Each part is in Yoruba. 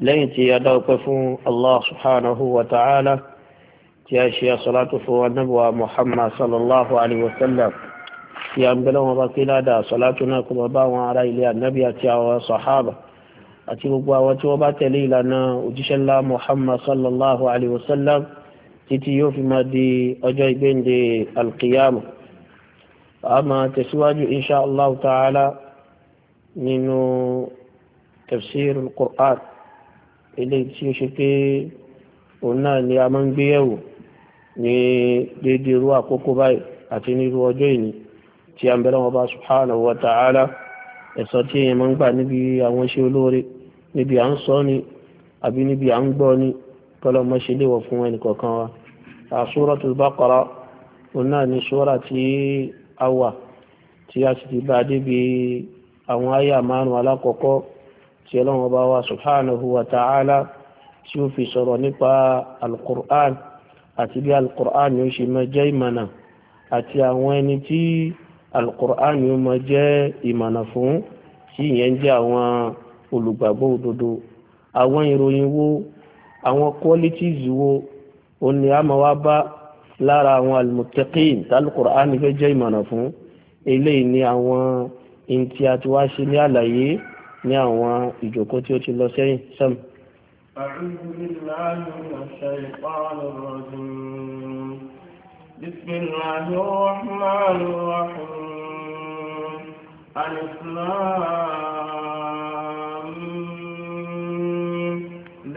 لين تي فون الله سبحانه وتعالى تي أشياء صلاة فو النبوة محمد صلى الله عليه وسلم تي أمبلا وبقيلا دا صلاتنا كما باوا على إلي النبي تي وصحابة أتي وقوا واتوا باتليل أنا وجيش الله محمد صلى الله عليه وسلم تي تي يوفي ما دي أجاي بين دي القيامة أما تسواجو إن شاء الله تعالى من تفسير القرآن eléyìí tí ó ṣe pé òun náà ni a máa ń gbé yẹ̀wò ní déédéé irú àkókò báyìí àti ní irú ọjọ́ ìní tí a ń bẹ̀rẹ̀ wọn bá subhanahu wa ta'ala ẹ̀sọ́ tí èèyàn máa ń gbà níbi àwọn iṣẹ́ olóore níbi à ń sọ ni àbí níbi à ń gbọ́ ni kọ́lọ́mọ́ ṣe léwọ̀ fún ẹnìkọ̀ọ̀kan wa àsúrọ̀tul Baqara òun náà ni súrà tí a wà tí a sì ti bá débi àwọn àyà márùn-ún alákọ̀ọ́kọ́ tí ọlọ́run bá wa subhanahu wa ta'ala tí ó fi sọ̀rọ̀ nípa alukur'an àti bí alukur'an yóò ṣe máa jẹ́ ìmọ̀nà àti àwọn ẹni tí alukur'an yóò máa jẹ́ ìmọ̀nà fún tí ìyẹn jẹ́ àwọn olùgbàgbọ́ òdodo àwọn ìròyìn wo àwọn qualities wo ó ní a máa wá bá lára àwọn almuttaqin talukur'an fẹ́ jẹ́ ìmọ̀nà fún eléyìí ni àwọn ìntí àti wá ṣe ní àlàyé ní àwọn ìjòkó tí ó ti lọ sẹ́yìn sam. أعوذ بالله من الشيطان الرجيم بسم الله الرحمن الرحيم الإسلام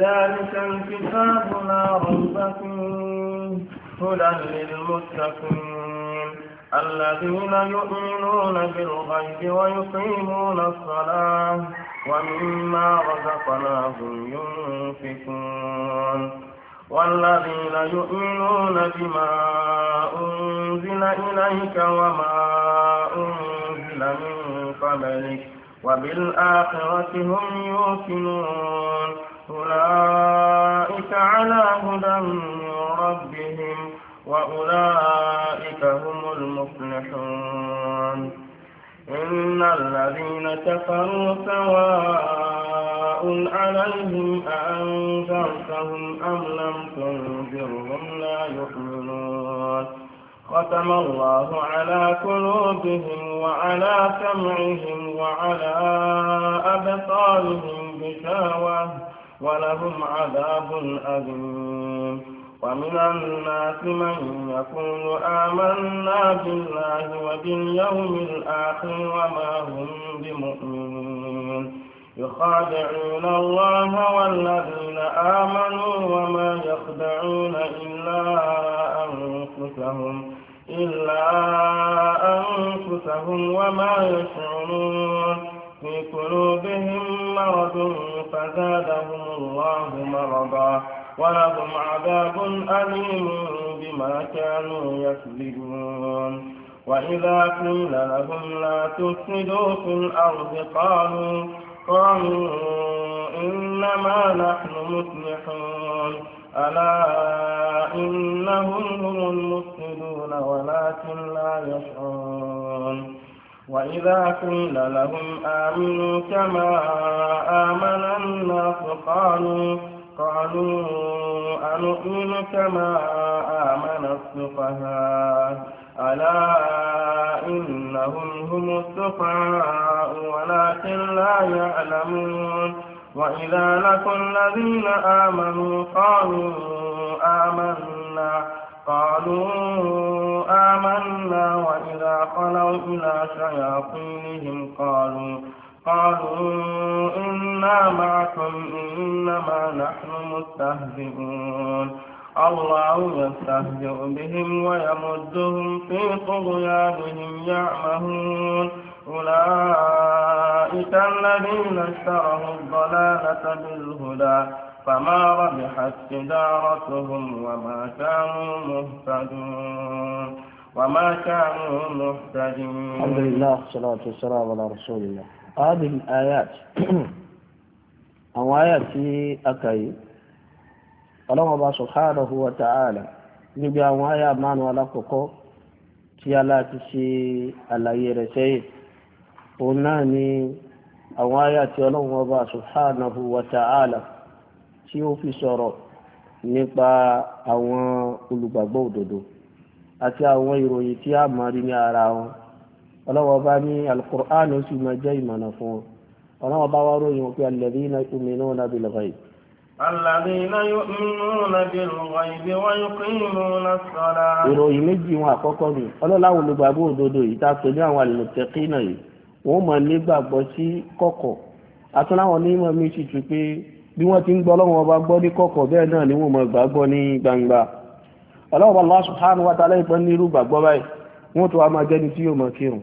ذلك الكتاب لا ريب فيه هدى للمتقين الذين يؤمنون بالغيب ويقيمون الصلاة ومما رزقناهم ينفقون والذين يؤمنون بما أنزل إليك وما أنزل من قبلك وبالآخرة هم يوقنون أولئك على هدى من ربهم وأولئك فهم المفلحون إن الذين كفروا سواء عليهم أأنذرتهم أم لم تنذرهم لا يؤمنون ختم الله على قلوبهم وعلى سمعهم وعلى أبصارهم بشاوة ولهم عذاب أليم ومن الناس من يقول آمنا بالله وباليوم الآخر وما هم بمؤمنين يخادعون الله والذين آمنوا وما يخدعون إلا أنفسهم إلا أنفسهم وما يشعرون في قلوبهم مرض فزادهم الله مرضا ولهم عذاب أليم بما كانوا يكذبون وإذا قيل لهم لا تفسدوا في الأرض قالوا قالوا إنما نحن مصلحون ألا إنهم هم المفسدون ولكن لا يشعرون وإذا قيل لهم آمنوا كما آمن الناس قالوا قالوا أنؤمن كما آمن السفهاء ألا إنهم هم السفهاء ولكن لا يعلمون وإذا لقوا الذين آمنوا قالوا آمنا قالوا آمنا وإذا خلوا إلى شياطينهم قالوا قالوا إنا معكم إنما نحن مستهزئون الله يستهزئ بهم ويمدهم في طغيانهم يعمهون أولئك الذين اشتروا الضلالة بالهدى فما ربحت تجارتهم وما كانوا مهتدون وما كانوا مهتدين الحمد لله والصلاة والسلام على رسول الله هذه الآيات àwọn àyà tí a kà yìí ọlọ́wọ́n bá subhanahu wa ta'ala níbi àwọn àyà mánu alákọ̀ọ́kọ́ tí a láti ṣe àlàyé rẹ̀ sẹ́yìn òun náà ni àwọn àyà tí ọlọ́wọ́n bá subhanahu wa ta'ala tí ó fi sọ̀rọ̀ nípa àwọn olùgbàgbọ́ òdodo àti àwọn ìròyìn tí a máa rí ní ara wọn ọlọ́wọ́ bá ní alukur'an ó sì máa jẹ́ ìmọ̀nà fún wọn ọlọ́wọ́ bá wá ròyìn wọn pé alladhina yu'minuna bil ghaib. alladhina yu'minuna bil ghaib wa yuqimuna as-salah. ìròyìn méjì wọn àkọ́kọ́ ni ọlọ́láwọn olùgbàgbọ́ òdodo yìí tá a pè ní àwọn al-muttaqina yìí wọ́n máa nígbàgbọ́ sí kọ̀kọ̀ àtúnáwọn onímọ̀ mi sì tún pé bí wọ́n tó wá máa jẹ́ni tí yóò máa kírun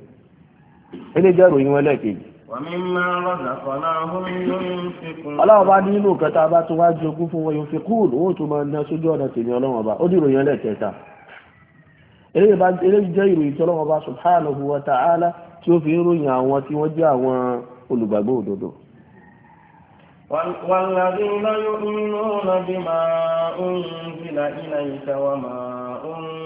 ilé jẹ́ ìròyìn wọn lẹ́ẹ̀kejì. ọlọ́run bá ní inú kẹta bá tó wá jogún fún wọn yóò fi kúrò lówó tó máa ná sójú ọ̀nà tèmi ọlọ́run ọba ó ní ìròyìn ẹlẹ́ẹ̀kẹta ilé jẹ́ ìròyìn tí ọlọ́run ọba subhanahu wa ta'ala tí ó fi ń ròyìn àwọn tí wọ́n jẹ́ àwọn olùgbàgbọ́ òdodo. والذين يؤمنون بما أنزل إليك وما أنزل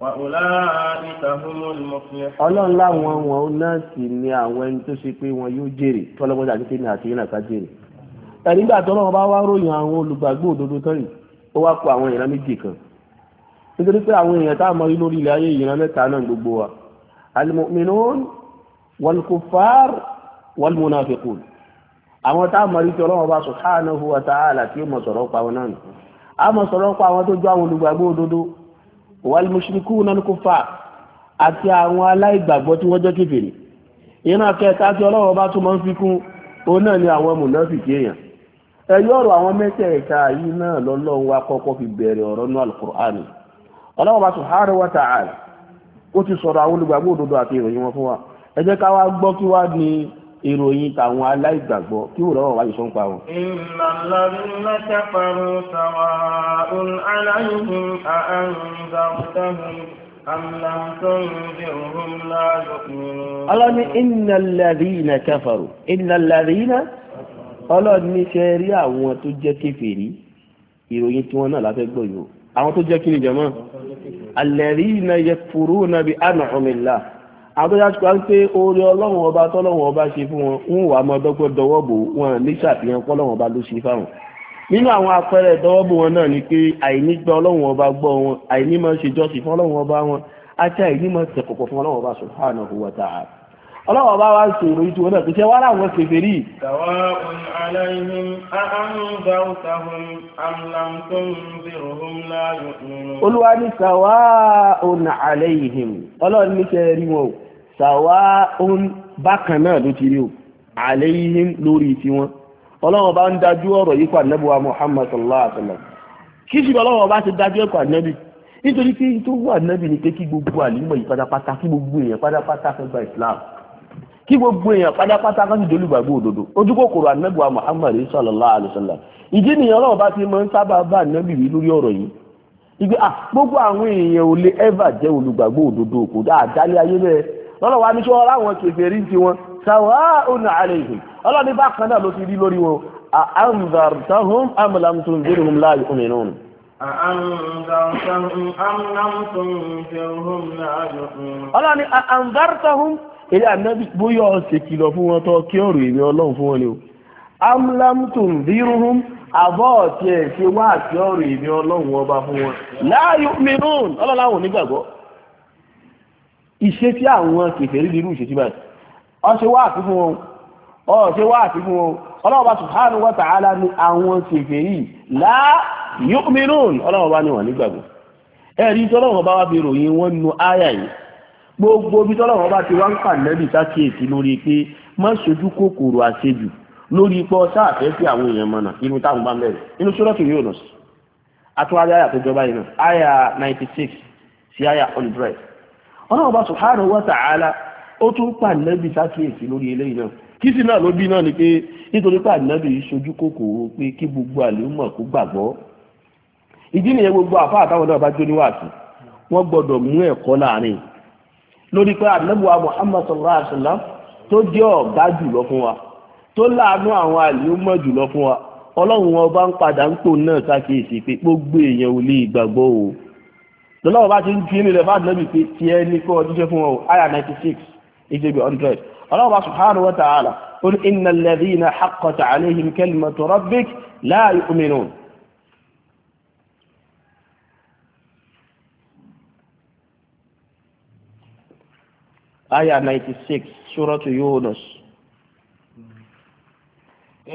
ọlọ́run láwọn wọn ó náà sì ni àwọn ẹni tó ṣe pé wọn yóò jèrè tọ́lọ́gbọ́dá àti tèmi àti yìí nàka jèrè ẹ̀rígbà tọ́lọ́run bá wá ròyìn àwọn olùgbàgbọ́ òdodo tán yìí ó wá kó àwọn èèyàn méjì kan nítorí pé àwọn èèyàn tá a lórí ilẹ̀ ayé ìran mẹ́ta náà gbogbo wa al-mu'minun wal-kuffar wal-munafiqun àwọn tá a mọ rí tí ọlọ́run bá tí ó wal mushrikuna al kuffar àti àwọn aláìgbàgbọ́ tí wọ́n jẹ́ kèfèrí ìran kẹta tí ọlọ́wọ́ bá tún máa ń fi kún òun náà ni àwọn mùnáfìkì èèyàn ẹ̀yọ́ ọ̀rọ̀ àwọn mẹ́tẹ̀ẹ̀ta yìí náà lọ́lọ́run wa kọ́kọ́ fi bẹ̀rẹ̀ ọ̀rọ̀ ní alukur'ani ọlọ́wọ́ bá subhanahu wa ta'ala ó ti sọ̀rọ̀ àwọn olùgbàgbọ́ òdodo àti ìròyìn wọn fún wa ẹ ká wá gbọ́ kí wá ní ìròyìn tàwọn aláìgbàgbọ́ kí wò lọ́wọ́ wáyé sọ́npa wọn. ìmọ̀lẹ́bí mẹ́ta pẹ̀lú sọ̀rọ̀ aláìhùn àǹzàwùdáhùn ọlọ́ni ìnàlẹ́rìnà ṣe rí àwọn tó jẹ́ kèfèrí ìròyìn tí wọ́n náà láfẹ́ gbọ́ yìí àwọn tó jẹ́ kí ni jẹ́mọ́ alẹ́rìnà yẹ fúrú nàbí ànàmìlá àtọ́já ti parí pé oore ọlọ́run ọba tọ́lọ́run ọba ṣe fún wọn ń wà mọ́ dọwọ́bò wọn ní ṣàfihàn pọ́lọ́run ọba ló ṣe fáwọn nínú àwọn àpẹẹrẹ ìdọwọ́bò wọn náà ni pé àìní gba ọlọ́run ọba gbọ́ wọn àìní máa ṣe jọ́sìn fún ọlọ́run ọba wọn àti àìní máa ṣe kọ̀kọ̀ fún ọlọ́run ọba subhanahu wa ta'ala ọlọ́run ọba wa ń sọ wọn náà pèsè wàhálà wọn kẹfẹ́ rí. sawa'un alayhim a'anzartahum ọlọ́run ní kẹ́ rí wọn o. sàwáún bákan náà ló ti rí o àléyìn lórí tiwọn ọlọ́run bá ń dájú ọ̀rọ̀ yikwa pa muhammad sallallahu alaihi wa sallam bá ti dájú ẹ̀kọ́ ànẹ́bì nítorí pé tó wà ànẹ́bì ni pé kí gbogbo àlùmọ̀ yìí islam kí gbogbo èèyàn kan òdodo ojú kòkòrò muhammad sallallahu alaihi sallam ìdí bá ti lọ́lọ́ wa ní kí wọ́n láwọn kèfèrí ti wọn sawa'un alayhim ọlọ́ni bá kan náà ló ti rí lórí wọn a'anzartahum am lam tunzirhum la yu'minun. a'anzartahum am lam tunzirhum la yu'minun. ọlọ́ni a'anzartahum ilé ànábì bóyá ọ̀sẹ̀ kìlọ̀ fún wọn tó kí ni o iṣẹ́ tí àwọn kèfèrí nínú ìṣẹ́ tí bá ọṣẹ́ wá àti fún wọn ọṣẹ́ wá àti fún wọn ọlọ́ọ̀bá subhanahu wa ta'ala ní àwọn kèfèrí la yu'minun ọlọ́ọ̀bá ní wọ́n nígbàgbọ́ ẹ̀rí tọ́lọ́wọ́ bá wá bí ròyìn wọn nu áyà yìí gbogbo bí tọ́lọ́wọ́ bá ti wá ń pàdánù sákèèsí lórí pé má ṣojú kòkòrò àṣejù lórí ipò sáàfẹ́ sí àwọn èèyàn mọ̀nà inú táwọn bá ń bẹ̀rẹ̀ inú sọ́rọ́tù yóò lọ sí àtúwárí àyà tó jọba yìí náà àyà 96 sí àyà 100 ọlọ́run bá subhanahu wa ta'ala ó tún pa nẹ́bì sákìyèsí lórí eléyìí náà kí sí náà ló bí náà ni pé nítorí pa nẹ́bì ṣojú kòkòrò pé kí gbogbo àlùmọ̀ kó gbàgbọ́ ìdí nìyẹn gbogbo àfa àtàwọn náà bá jó níwàásù wọ́n gbọ́dọ̀ mú ẹ̀kọ́ láàrin lórí pé àdínẹ́bùwà Muhammad sallallahu alaihi wasallam tó jẹ́ ọ̀gá jùlọ fún wa tó láàánú àwọn àlùmọ̀ jùlọ fún wa ọlọ́run wọn bá ń padà ń pò náà sákìyèsí pé gbogbo lọ́lọ́wọ́ bá ti ń fi rẹ̀ fáàdì lẹ́bí pé ti ẹ ní kó ṣe fún ọ àyà 96 ìjẹ́bí 100 ọlọ́wọ́ bá subhanahu wa ta'ala ó ní inna alladhina haqqat alayhim kalimatu rabbik la yu'minun àyà 96 سورة يونس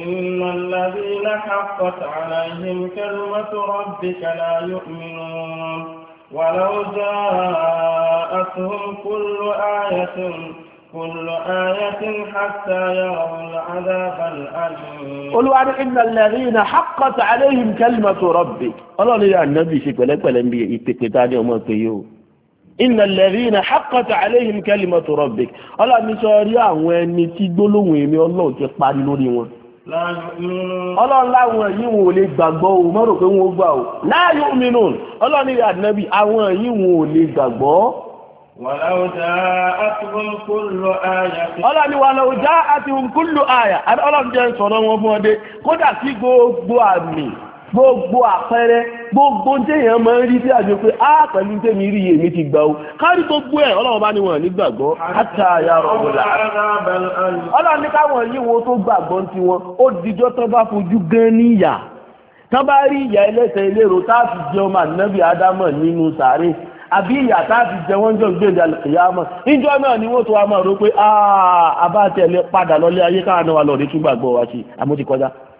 إن الذين حقت عليهم كلمة ربك لا يؤمنون ولو جاءتهم كل آية كل آية حتى يروا العذاب الأليم قل عن إن الذين حقت عليهم كلمة ربك الله يا النبي شيك ولك ولم بيتكتاني وما تيو إن الذين حقت عليهم كلمة ربك الله مشاريع وين تيجوا لهم يا الله تقبل وين ọlọ́run láwọn yìí wọn ò lè gbàgbọ́ o mọ́ rò pé wọn ó gbà o láàyò mìíràn ọlọ́run ní àwọn yìí wọn lè gbàgbọ́. ọlọ́run ní wàlọ́wọ́ àti nkúlù àyà ọlọ́run jẹ́ sọ̀rọ̀ wọn fún ọdẹ kódà sí gbogbo àmì gbogbo àpẹẹrẹ gbogbo téèyàn máa ń rí sí àjò pé á pẹ̀lú tèmi ti gbà o kárí gbogbo ẹ̀ ọlọ́run bá ní wọn nígbàgbọ́ àtà àyà ọ̀gbọ̀là ọlọ́run ní káwọn yìí tó gbàgbọ́ ti wọn ó dijọ́ bá fojú gan níyà tó bá rí ìyá ẹlẹ́sẹ̀ eléro tá a fi ọmọ ànábì ádámọ̀ nínú sàárè àbí ìyà tá a wọ́n jọ gbé náà ni wọ́n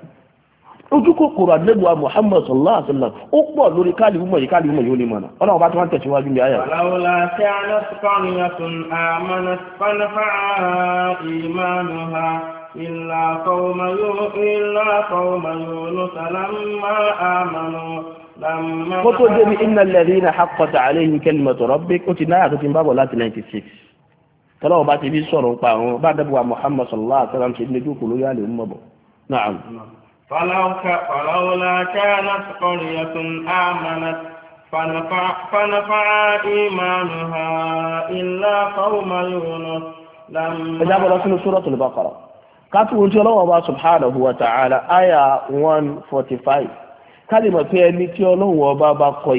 ojú kòkòrò àdébùwà muhammadu sallallahu alaihi wasallam ó pọ̀ lórí káàlìwú mọ̀ yìí káàlìwú mọ̀ yìí ó lè mọ̀nà ọlọ́run bá tí wọ́n tẹ̀síwájú ní ayà. àmàna ha àmàna. kó tó dé ní iná lẹ́rí iná hakọ̀tà àléyìn kẹ́lìmọ̀ tọ̀rọ̀ bí ó ti náyà tó ti ń bábọ̀ láti 96 tọ́lọ́wọ́ bá ti bí sọ̀rọ̀ ń pa àwọn bá dẹ́bùwà sallallahu alaihi wasallam ṣe فلولا كانت قرية آمنت فنفع إيمانها إلا قوم يونس لما إذا بدأ سورة البقرة kátó ojú ọlọ́wọ́ bá subhanahu wa ta'ala aya one forty five kálímọ̀ pé ẹni tí ọlọ́wọ́ ọba kọ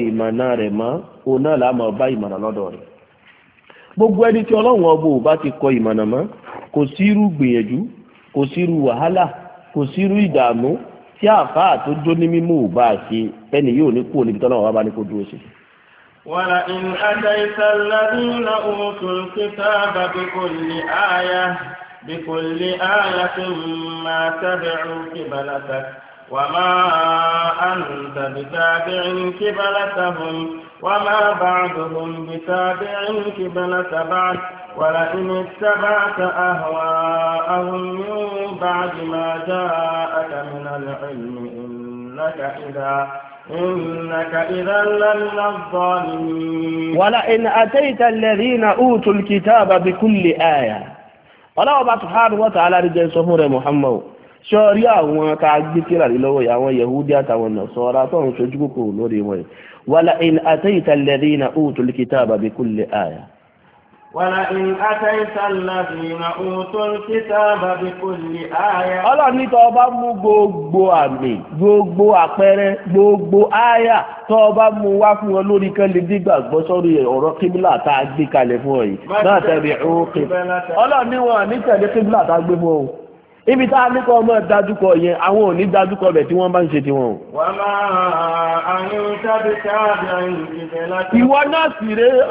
gbogbo ẹni tí ọba ò kọ kò sí irú gbìyànjú kò sí irú kò sírú ìdààmú tí àáfàá tó jó ní mímú ò bá ṣe ẹni yóò ní kúrò níbi tọ́lọ́wọ́ bá ní kó dúró ṣe. ولئن أتيت الذين أوتوا الكتاب بكل آية بكل آية ما تبعوا قبلتك وما أنت بتابع كبلتهم وما بعضهم بتابع كبلة بعد ولئن اتبعت أهواءهم من بعد ما جاءك من العلم إنك إذا إنك إذا لمن الظالمين ولئن أتيت الذين أوتوا الكتاب بكل آية ọlọ́wọ́ bá سبحانه وتعالى رجال tààlà محمد ṣọ́rí àwọn tá a gbé kíra lé lọ́wọ́ yìí àwọn yahudi àtàwọn nàṣọ́ra tọ́run ṣojú kòkòrò lórí wọn yìí wàlá in àtẹ́yìtà alladhina utul kitaba bi kulli àyà. wàlá in àtẹ́yìtà alladhina utul kitaba bi kulli àyà. ọlọ́run ní tọ́ bá mú gbogbo àmì gbogbo àpẹẹrẹ gbogbo àyà tọ́ mú wá fún wọn lórí kan lè dígbà gbọ́ sọ́rí ọ̀rọ̀ kíbílà tá a gbé kalẹ̀ fún ọ yìí náà tẹ̀lé ọ̀rọ̀ kíbílà tá a gbé fún ọ ibi tá a ní kọ́ ọmọ dájúkọ yẹn àwọn òní dájúkọ bẹ̀ tí wọ́n bá ń ṣe tiwọn. wà á ní tábìtì àbíyàn ìgbìmọ̀ láti. ìwọ náà sì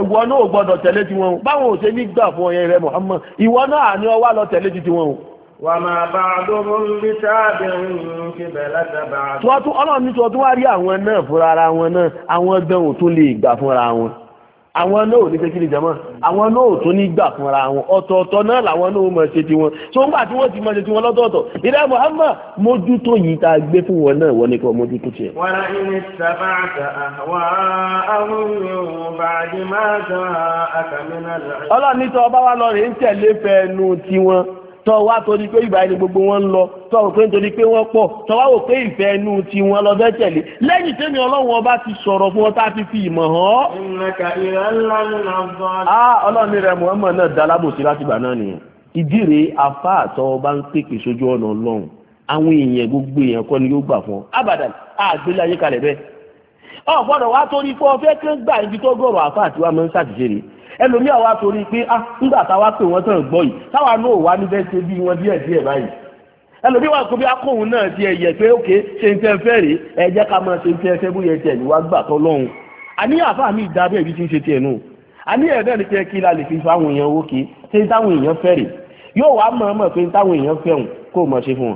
ìwọ náà ò gbọdọ̀ tẹ̀lé o báwọn ò ṣe ní gbà fún ọyẹn rẹ Muhammad ìwọ náà àní tẹ̀lé ti tiwọn o. wà á máa bá a dúró bí tábìyàn ìgbìmọ̀ láti bá a. tí wọ́n tún ọlọ́run ní àwọn náà ní kékeré jẹmọ́ àwọn náà tó ní gbà fúnra wọn ọ̀tọ̀ọ̀tọ̀ náà làwọn náà mọ̀ ṣe tiwọn tó ń gbà tí wọ́n ti mọ̀ ṣe tiwọn lọ́tọ̀ọ̀tọ̀ ìdá Muhammad mójútó yìí tá a gbé fún wọn náà wọ́n ní kí mójútó tiẹ̀. wọn á ní sábàtà àwọn ahùnrin bàdìmáàtà àkàmínà. ọlọ́ọ̀ni tó ọba wa lọ rè ń tẹ̀lé fẹ́ẹ́ nu tiwọn tọ́ wá torí pé ìgbà ni gbogbo wọn ń lọ tọ́ wò pé nítorí pé wọ́n pọ̀ tọ́ wá wò pé ìfẹ́ inú ti wọn lọ fẹ́ tẹ̀lé lẹ́yìn ọba ti sọ̀rọ̀ fún ọta ti fi ìmọ̀ hàn. ìrìnàkà ìrẹ́ ńlá ńlá bọ́ọ̀lù. ah ọlọ́run rẹ̀ muhammed náà dá alábòsí láti gbà náà nìyẹn ìdíre afá àtọ́ ọba ń pèpè sójú ọ̀nà ọlọ́run àwọn èèyàn gbogbo èèyàn kọ́ ni yóò gbà fún ọ abadan àgbélé ayé kalẹ̀ bẹ́ẹ̀ ọ gbọ́dọ̀ wá torí pé ọ fẹ́ kán ẹlòmíà wa torí pé ah nígbà táwa pè wọ́n tàn gbọ́ yìí táwa náà wà níbẹ̀ ṣe bí wọn díẹ̀ díẹ̀ báyìí ẹlòmíà wa kò bí akóhun ah, náà ti ẹ̀yẹ pé ókè ṣe ń tẹ́ fẹ́ rèé ẹ jẹ́ ká máa ṣe ń tẹ́ fẹ́ bóyá ẹ̀jẹ̀ ni wá gbà tọ́ lọ́hùn àní àfa mi ìdá bẹ́ẹ̀ bí ti ń ṣe tiẹ̀ nù àní ẹ̀dá ni kí la lè fi fáwọn èèyàn wókè ṣe táwọn èèyàn fẹ́ rèé yóò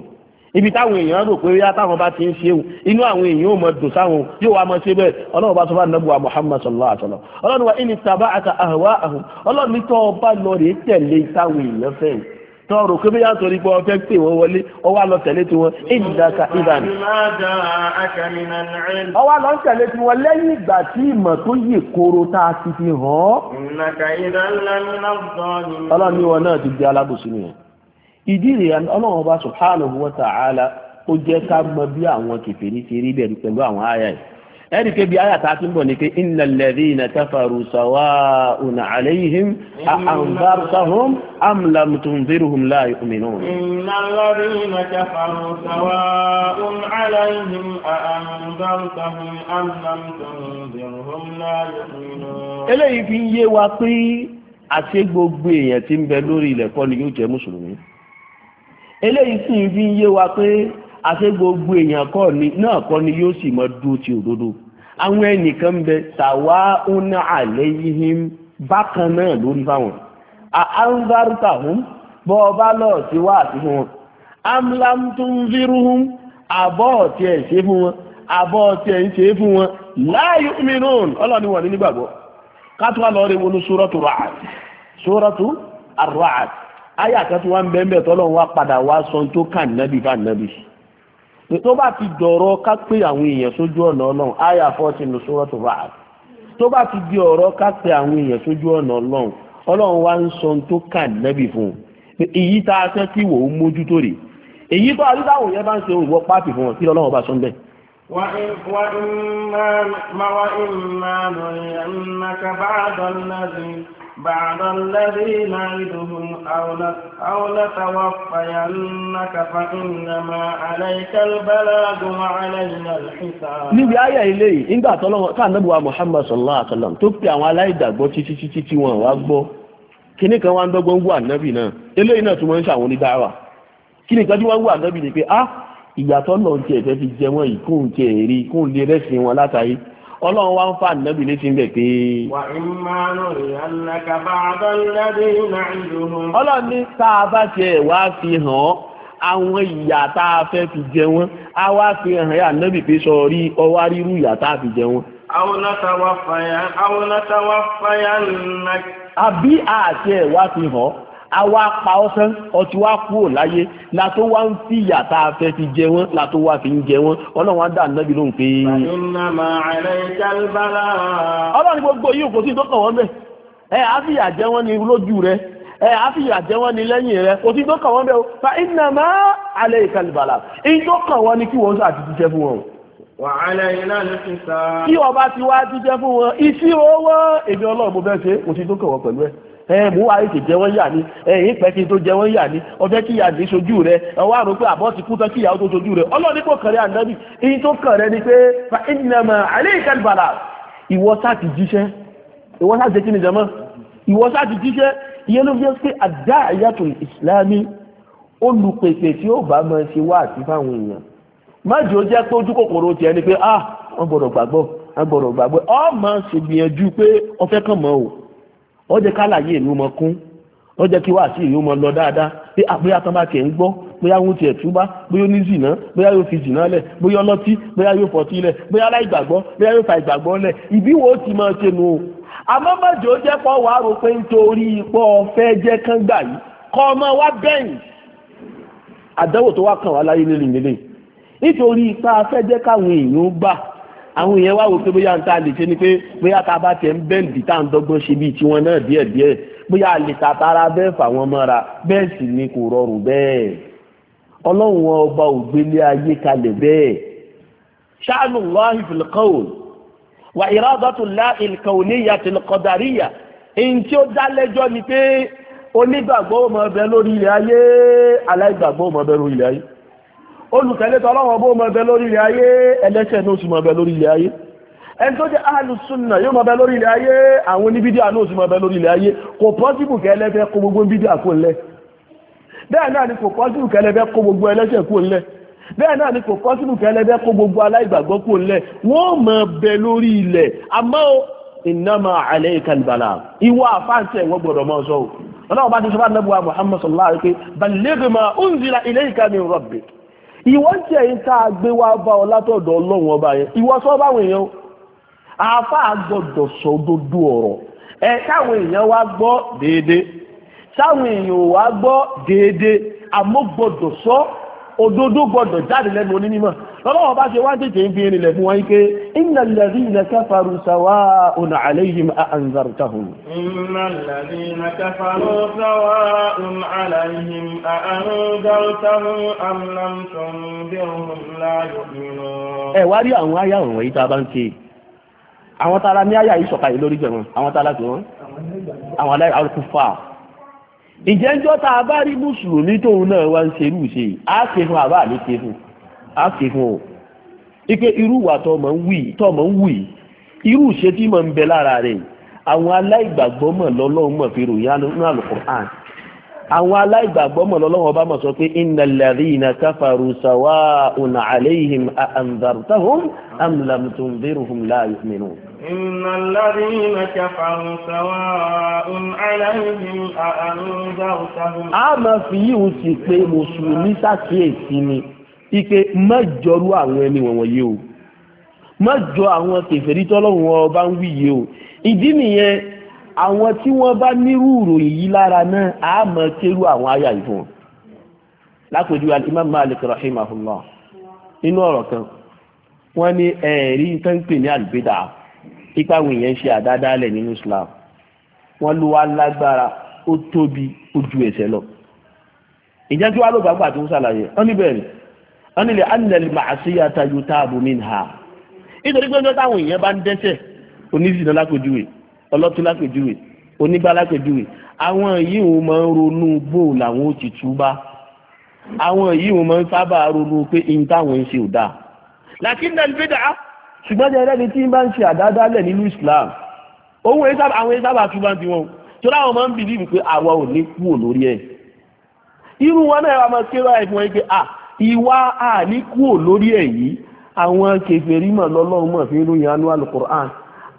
ibi táwọn èèyàn rò pé yá táwọn bá ti ń ṣe inú àwọn èèyàn ò mọ dùn sáwọn yóò wá mọ ṣe bẹ́ẹ̀ ọlọ́run bá sọ fún anábùwà muhammad sallallahu alaihi wasallam ọlọ́run wa ìní tàbá àti àhùwá àhùn ọlọ́run ní tọ́ ọba lọ rèé tẹ̀lé táwọn èèyàn fẹ́ yìí tọ́ rò pé bíyà nítorí pé ọfẹ́ pè wọ́n wọlé ọwọ́ àlọ́ tẹ̀lé tí wọ́n ìdàkà ìdàní. ọwọ́ àlọ́ ń tẹ̀lé tí lẹ́yìn ìgbà tí ìmọ̀ tó yè kóró tá a ti fi hàn. ọlọ́run ní wọn náà ti di alábòsí nìyẹn ìdí ìrìyà ọlọ́run ọba subhanahu wa ta'ala ó jẹ́ ká mọ bí àwọn kèfèrí ti rí bẹ̀rù pẹ̀lú àwọn àyà yìí ẹ̀rí pé bí àyà tá a ti ń bọ̀ ni pé innal ladhina kafaru sawa'un 'alayhim a'anzartahum am lam tunzirhum la yu'minun. innal ladhina kafaru sawa'un 'alayhim a'anzartahum am lam tunzirhum la yu'minun. eléyìí fi ń yé wa pé àti gbogbo èèyàn ti eléyìí sì ń fi ń yé wa pé àṣẹ gbogbo èèyàn kọ́ ni náà kọ́ ni yóò sì mọ dúró ti òdodo àwọn ẹnìkan ń bẹ tàwa ń àlẹ́ yìí bákan náà lórí fáwọn àánzárùtà hún bọ́ ọba lọ́ọ̀ sí wá àti fún wọn amlam tún vírú hún àbọ̀ ọ̀tí ẹ̀ ṣe fún wọn àbọ̀ ọ̀tí ẹ̀ ń ṣe fún wọn láàyò mìíràn ọlọ́ni wọ̀n ní nígbàgbọ́ kátó wà lọ́ọ́ rí wọnú sórọ́tù ràd sórọ́tù àràd ayé àkàtú wa ń bẹ́ẹ̀ bẹ́ẹ̀ tọ́lọ́ wa padà wá sọ tó kà nábì bá nábì tó bá ti dọ̀rọ̀ ká pé àwọn èèyàn sójú ọ̀nà ọlọ́run ayé tó bá ti di ọ̀rọ̀ ká pé àwọn èèyàn sójú ọ̀nà ọlọ́run ọlọ́run wa ń sọ tó kà nábì fún un èyí tá a fẹ́ kí wò ó mójútó rè èyí tó àdúgbò bá ń ṣe fún بعد الذي نعدهم أو لتوفينك فإنما عليك البلاغ وعلينا الحساب níbi ayé ilé yìí nígbà كان tá محمد صلى الله عليه وسلم. tó pe àwọn aláìdàgbọ́ تي تي تي تي wá gbọ́ kíní kan wá ń dọ́gbọ́n wú ànábì náà eléyìí náà tún wọ́n ń ṣàwọn onídàáwà kíní kan tí wọ́n wú ànábì ni pé ah ìyàtọ̀ náà ń tiẹ̀ fi jẹ wọ́n yìí kóun tiẹ̀ rí lè rẹ́sìn wọn látàrí ọlọ́run wá ń fà nẹ́bì létí ń bẹ̀ pé. ọlọ́run ní tá a bá tiẹ̀ wá fi hàn ọ́ àwọn ìyà tá a fẹ́ fi jẹ wọ́n á wá fi hàn yà nẹ́bì pé sọ rí ọwá rírú ìyà tá a fi jẹ wọ́n. àwọn látàwá fàyà fàyà nà. àbí àti ẹ̀ wá fi hàn ọ́ àwa pa ọ́ sán ọtí wá kúrò láyé la tó ń fi ìyà tá a fẹ́ fi jẹ wọ́n la tó fi ń jẹ wọ́n ọlọ́run á dà nábì lóhùn pé. ọlọ́run gbogbo yìí kò sí dọ́kàn wọn bẹ́ẹ̀ ẹ á jẹ wọ́n ní lójú rẹ ẹ á jẹ wọ́n ní lẹ́yìn rẹ kò sí dọ́kàn wọn bẹ́ẹ̀ o fa ìnàmá alẹ́ ìkàlùbàlà ìdọ́kàn wọn ni kí wọ́n sà ti jíjẹ fún wọn o kí ọba ti wá jíjẹ fún wọn ìṣirò wọn èmi ọlọ́run mo bẹ́ẹ̀ ṣe kò sí dọ́kàn wọn pẹ̀lú ẹ̀ ẹ mú wa ètè jẹ wọ́n yà ni ẹ yín pẹ́ kí n tó jẹ wọ́n yà ni ọbẹ̀ kí ìyá mi sojú rẹ ọwọ́ àrùn pé àbọ̀ ti kú tán kí ìyàwó tó sojú rẹ ọlọ́ọ̀ni kò kàn rẹ ànábì èyí tó kàn rẹ ni pé fa ìnàmà àlẹ́ ìkàlùbàlà ìwọ sáà ti jíṣẹ́ ìwọ sáà ti kí ni jẹmọ́ ìwọ sáà ti jíṣẹ́ ìyẹn ló fi ẹ́ pé àdá àyàtò ìsìlámì olùpèpè tí ó bá máa ṣe wá àti fáwọn èèyàn má jò jẹ́ pé ojú kòkòrò tiẹ̀ ni pé ah wọ́n gbọ́dọ̀ gbàgbọ́ wọ́n gbọ́dọ̀ gbàgbọ́ ọ máa ṣègbìyànjú pé ọfẹ́ kàn mọ́ o ó jẹ́ kálàyé ìlú mọ kún ó jẹ́ kí sí ìlú mọ lọ dáadáa pé àpéyà tán bá ń gbọ́ bóyá ti tiẹ̀ túbá bóyá ó ní zìnà bóyá yóò fi zìnà lẹ̀ bóyá ọlọ́tí bóyá yóò fọtí lẹ̀ fa ìgbàgbọ́ lẹ̀ ìbí wo ti máa ṣe nu o àmọ́ mọ̀jọ́ jẹ́ pọ̀ wá rò pé nítorí ipò ọ̀fẹ́ jẹ́ kán gbà yìí kọ́ ọmọ wa bẹ́yìn àdánwò tó wá kàn wá láyé lélẹ̀ nítorí àwọn èèyàn wá wò pé bóyá nta lè ṣe ni pé bóyá tá a bá tiẹ̀ ń bẹ́ǹdì tá à ń dọ́gbọ́n ṣe bíi tiwọn náà díẹ̀díẹ̀ bóyá a lè tàtàrà bẹ́ẹ̀ fà mọ́ra bẹ́ẹ̀ sì ni kò rọrùn bẹ́ẹ̀ ọlọ́run ọba ògbélé ayé kalẹ̀ bẹ́ẹ̀ ṣáàlù lọ́hìn fìlìkọ́ọ̀lù wà ìrádọ́tùlá ìlkọ̀ọ̀níyà tìlkọ̀dàríyà olùtẹ̀lé tọ́lọ́wọ́ bó mọ̀ bẹ lórí ilẹ̀ ayé ẹlẹ́ṣẹ̀ ní oṣù mọ̀ bẹ lórí ilẹ̀ ayé ẹni tó jẹ́ alùsùnà yóò mọ̀ bẹ lórí ilẹ̀ ayé àwọn oníbídíà ní oṣù mọ̀ bẹ lórí ilẹ̀ ayé kò pọ́sibù kẹ́lẹ́fẹ́ kó gbogbo bídíà kó lẹ̀ bẹ́ẹ̀ náà ni kò pọ́sibù kẹ́lẹ́fẹ́ kó gbogbo ẹlẹ́ṣẹ̀ kó lẹ̀ bẹ́ẹ̀ náà ni kò pọ́sibù kẹ́lẹ́fẹ́ kó gbogbo aláìgbàgbọ́ kó lẹ̀ wọ́n mọ̀ bẹ lórí ilẹ̀ àmọ́ ìnáma àlẹ́ ìkàlùbàlà ìwà Muhammad sallallahu alaihi wa sallam balẹ́gbẹ̀mọ́ unzila ilayka min iwọ ń tiẹ̀ yín tá a gbé wá bá ọ látọ̀dọ̀ ọlọ́run ọba yẹn sọ báwọn èèyàn àáfà gbọ́dọ̀ sọ ẹ káwọn èèyàn wá gbọ́ déédéé táwọn èèyàn wá gbọ́ déédéé àmọ́ òdodo gbọdọ̀ jáde lẹ́nu onímọ̀ lọ́wọ́ bá ṣe wá tètè ń fi irin lẹ̀ fún wọn pé iná lẹ́rí ilẹ̀ kẹfàrú sàwá ọ̀nà àlẹ́yìn àǹzàrù táhùn. iná lẹ́rí ilẹ̀ kẹfàrú sàwá ọ̀nà àlẹ́yìn àǹzàrù táhùn ìjẹ́jọ́ tá a bá rí mùsùlùmí tóun náà wá ń ṣerú ṣe á fún àbá iru ṣe fún á fún o ipe irú tọmọ ń wì tọmọ ń wì irú ṣe tí mọ̀ ń bẹ lára àwọn aláìgbàgbọ́ mọ̀ lọ́lọ́run mọ̀ fi ròyìn àwọn aláìgbàgbọ́ mọ̀ lọ́lọ́run ọba mọ̀ sọ إن الذين كفروا سواء عليهم أأنذرتهم a máa fi yíò ti pé mùsùlùmí ṣàkíyèsí ni ike mẹ́jọrú àwọn ẹni wọ̀nyí o mẹ́jọ àwọn kèfèrí tọ́lọ́run ọba ń wíyẹ o ìdí nìyẹn àwọn tí wọ́n bá nírú ìròyìn yìí lára náà a máa kérú àwọn àyà ìfún lápèjú Imam Malik rahimahullah nínú ọ̀rọ̀ kan wọ́n ní ẹ̀rí tán pè ní àlùbẹ́dà ipáwọn èèyàn ṣe àdádálẹ̀ nínú Islam wọ́n ló wá lágbára ó tóbi ó ju ẹ̀ṣẹ̀ lọ ìjẹ́ tí wàá ló gbàgbà tó ń ṣàlàyé wọ́n níbẹ̀ rẹ̀ wọ́n nílẹ̀ anil ma'asiyata yutabu minha nítorí pé ọjọ́ táwọn èèyàn bá ń dẹ́ṣẹ̀ oníṣìnà lápèjúwe ọlọ́tún lápèjúwe onígbà lápèjúwe àwọn yìí wọn máa ń ronú bó làwọn ó ti túbá àwọn yìí wọn máa ń sábà ronú pé ihun táwọn ń ṣe ò dáa làkínà bídà ṣùgbọ́n jẹ́ ẹlẹ́ni tí ń bá ń ṣe àdádálẹ̀ nínú Islam ohun àwọn ìsábà tún bá ń bí wọn tó láwọn máa ń bìlí wípé àwa ò ní kúrò lórí ẹ̀ irú wọn náà wà máa kéwà ẹ̀fún wọn pé à ìwà à kúrò lórí ẹ̀ yìí àwọn kèfèrí mọ̀ lọ́lọ́run mọ̀ fi ń ròyìn anú Al-Qur'an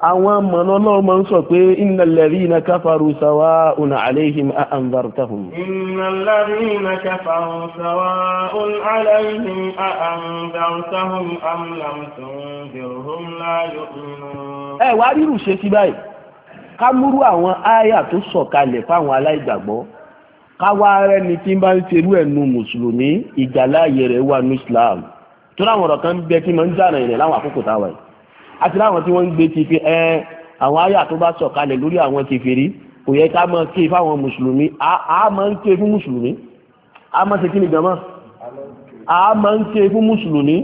àwọn mọ̀lọ́lọ́ ma ń sọ pé innal ladhina kafaru sawa'un alayhim a anzartahum innal ladhina kafaru sawa'un alayhim a anzartahum am lam tunzirhum la yu'minun ẹ wá rírù ṣe sí báyìí ká àwọn áyà tó sọ̀kalẹ̀ fáwọn aláìgbàgbọ́ káwá rẹni tí bá ń ṣerú ẹnu mùsùlùmí ìgbàláyè rẹ̀ wà ní Islam tó láwọn ọ̀rọ̀ kan bẹ tí mo ń jà náà ìrẹ̀ láwọn àkókò táwa yìí àti láwọn tí wọ́n ń gbé ti fi ẹ àwọn àyà tó bá sọ̀kalẹ̀ lórí àwọn kèfèrí kò yẹ ká máa ké fáwọn mùsùlùmí a máa ń ké fún mùsùlùmí a máa ṣe kí ni gan a máa ń ké fún mùsùlùmí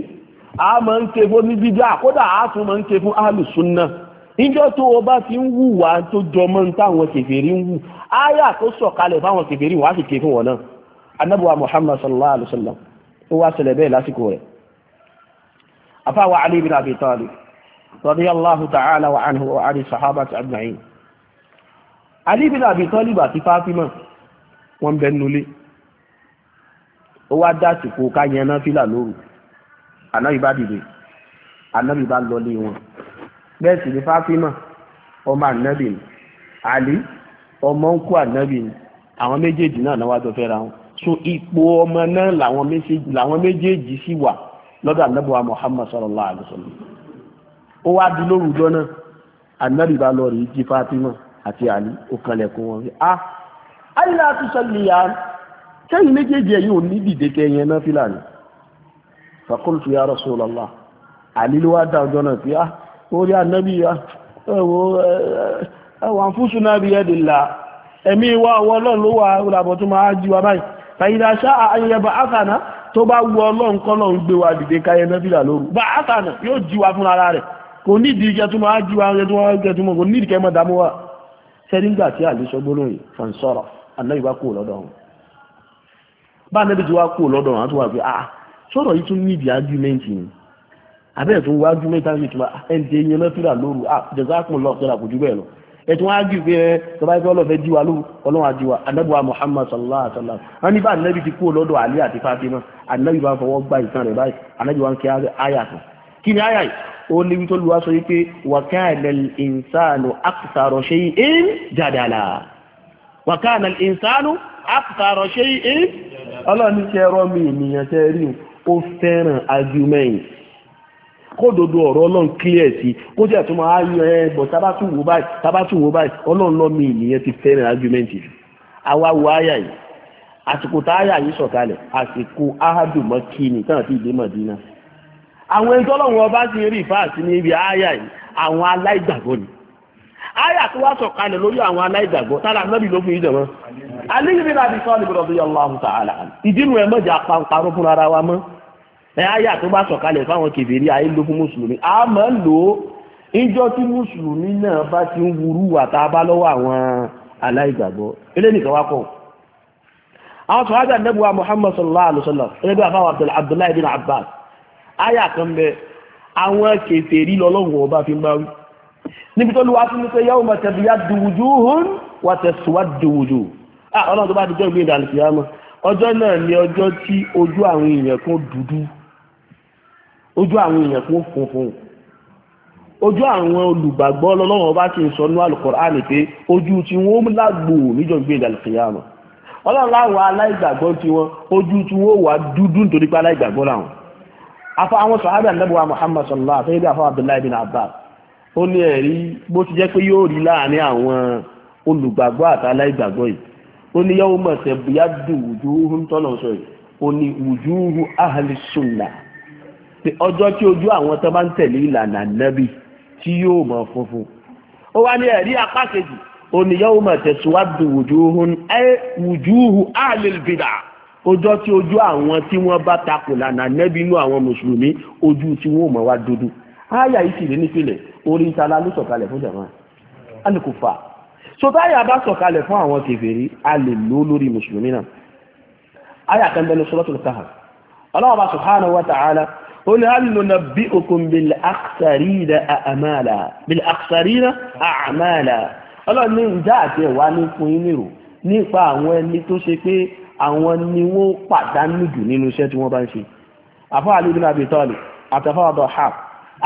a máa ń ké fún ní bíbí àkódà a tún máa ń ké fún alùsùnà níjọ́ tó o bá ti ń hùwà tó jọmọ́ ní táwọn kèfèrí ń hù àyà tó sọ̀kalẹ̀ fáwọn kèfèrí wàá sì ké fún wọn náà anábùwà Muhammad sallallahu alayhi wa sallam ó wá ṣẹlẹ̀ bẹ́ẹ̀ Ali bin Abi Talib رضي الله تعالى وعنه وعن الصحابة أجمعين علي بن أبي طالب àti Fátímà wọ́n bẹ nulẹ̀ ó wá dá àsìkò ká yẹn náà fílà lóru ànábì bá dìde ànábì bá lọlé wọn bẹ́ẹ̀ sì ni Fátímà ọmọ ànábì ni àlí ọmọ ń kó ànábì ni àwọn méjèèjì náà náà wá jọ fẹ́ra wọn so ipò ọmọ náà làwọn méjèèjì sí wà lọ́dọ̀ ànábì wa Muhammad sallallahu alaihi wasallam ó wá di lóru ọjọ́ náà ànábì bá lọ rèé jí Fatima àti àlí ó kanlẹ̀ kó wọn rí a àyìnlá tó sọlẹ̀ yá kẹ́yìn méjèèjì ẹ̀yìn ò ní dìde kẹ́yìn náà fìlànà fàkóòtù ya Rasulullah àlí ló wá dá ọjọ́ náà pé a ó rí ànábì ya ẹ̀wọ̀ ẹ̀wọ̀ àǹfùsùn náà bí ẹ̀dì là ẹ̀mí wa ọwọ́ ọlọ́run ló wà ọ̀làbọ̀ tó máa jí wa báyìí fàyídà ṣáà ayẹyẹ bá àkànà tó bá wu ọlọ́run kọ́lọ́run gbé wa dìde káyẹ náà fìlà lóru bá àkànà yóò jí wa fún rẹ̀ kò nídìí ìjẹ́ tó máa jú àwọn ẹgbẹ́ ẹgbẹ́ tó mọ̀ kò nídìí kẹ́mọ̀ dámú wà sẹ́rí ń gbà tí àlésọ gbólóhùn fàǹsọ̀rọ̀ ànábì lọ́dọ̀ wọn bá lọ́dọ̀ wọn àti ah sọ̀rọ̀ yìí tún nídìí ájúmẹ́ǹtì ni abẹ́rẹ́ tó ń wá ájúmẹ́ǹtì ìtumọ̀ ah, ẹnìtẹ́ yẹn lọ́fíìlà lóru ah jẹ̀sákùn kí ni àyà yìí ó ní wí tó lu wá sọ wípé wàkàlẹ̀ ìnsánù akthara shay'in jadala wàkàlẹ̀ ìnsánù akthara shay'in ọlọ́ni ṣe rọ́mì ènìyàn tẹ́ rí ó fẹ́ràn argument kódodo ọ̀rọ̀ ọlọ́run clear sí kó jẹ́ tó máa yọ ẹ bọ̀ tábàtún wò báyìí tábàtún wò báyìí ọlọ́run lọ́mì ènìyàn ti fẹ́ràn argument yìí àwa wo yìí àsìkò tá àyà yìí sọ̀kalẹ̀ àsìkò ahadùmọ́kì ni táwọn ti dé Mádínà àwọn ẹni tọ́lọ́run ọba ti rí ìfáàsí ní ibi àyà yìí àwọn aláìgbàgbọ́ ni àyà tó wá sọ̀kalẹ̀ lórí àwọn aláìgbàgbọ́ tára mẹ́bí ló fún ìjọba alíyìnbí láti sọ ní bọ̀dọ̀ yọ lọ́hùn tààlà ìdínú ẹ mọ́jà pàǹparọ́ fún ara wa mọ́ ẹ àyà tó bá sọ̀kalẹ̀ fáwọn kèfèrí ayé ló fún mùsùlùmí a máa ń lò ó ìjọ tí mùsùlùmí náà bá ti ń wurú wà tá a bá lọ́wọ́ àwọn aláìgbàgbọ́ eléyìí kan wá kọ́ àwọn sọ̀rọ̀ àjà nẹ́bùwà Muhammad sallallahu alaihi wa sallam ẹgbẹ́ àfáwọn Abdullahi bin Abbas áyà kan bẹ àwọn kèfèrí lọ́lọ́wọ́ ọba fi máa wí níbi tó lù wá sí ní pé yawma tabyaddu wujuhun wa taswaddu wujuh ọlọ́run tó bá ti jọ́ ìgbé ìdàlùkìyàmọ́ ọjọ́ náà ni ọjọ́ tí ojú àwọn èèyàn kan dúdú ojú àwọn èèyàn kan funfun ojú àwọn olùgbàgbọ́ lọ́lọ́wọ́ ọba ti ń sọ ní Al-Qur'an pé ojú tí wọ́n lágbò níjọ́ ìgbé ìdàlùkìyàmọ́ ọlọ́run láwọn aláìgbàgbọ́ tiwọn ojú tí wọ́n wà dúdú nítorí pé aláìgbàgbọ́ làwọn afọ àwọn sọ̀hábà nẹ́bùwà Muhammad sallallahu àti ilé afọ Abdullahi bin Abbas ó ní ẹ̀rí bó ti jẹ́ pé yóò rí láàrin àwọn olùgbàgbọ́ àtàláìgbàgbọ́ yìí ó ní yawma mọ̀ọ́sẹ̀ bóyá dùn wujuhum tọ́nà sọ yìí ó ní wujuhu ahli sunnah pé ọjọ́ tí ojú àwọn tó bá ń tẹ̀lé ìlànà nẹ́bì tí yóò mọ̀ funfun ó wá ní ẹ̀rí apá kejì ó ní yawma mọ̀ọ́sẹ̀ sọ́wádùn wujuhum ahli bid'ah ọjọ́ tí ojú àwọn tí wọ́n bá takò lànà nẹ́bí inú àwọn mùsùlùmí ojú tí wọ́n mọ̀ wá dúdú áyà yìí sì lé nípìnlẹ̀ orí ìtara ló sọ̀kalẹ̀ fún jàmáà alùkùfà sotáyà bá sọ̀kalẹ̀ fún àwọn kèfèrí a lè lò lórí mùsùlùmí náà áyà kan bẹ́ẹ̀ ní suratul Kahf Allahu subhanahu wa ta'ala ó ní hal nunabbi'ukum bil akhsarina a'mala bil ní ìjà àti ẹ̀wà ní fún àwọn ni wọ́n pàdánù jù nínú iṣẹ́ tí wọ́n bá ń ṣe àfáà Ali ibn Abi Talib àtàfáà Dahhak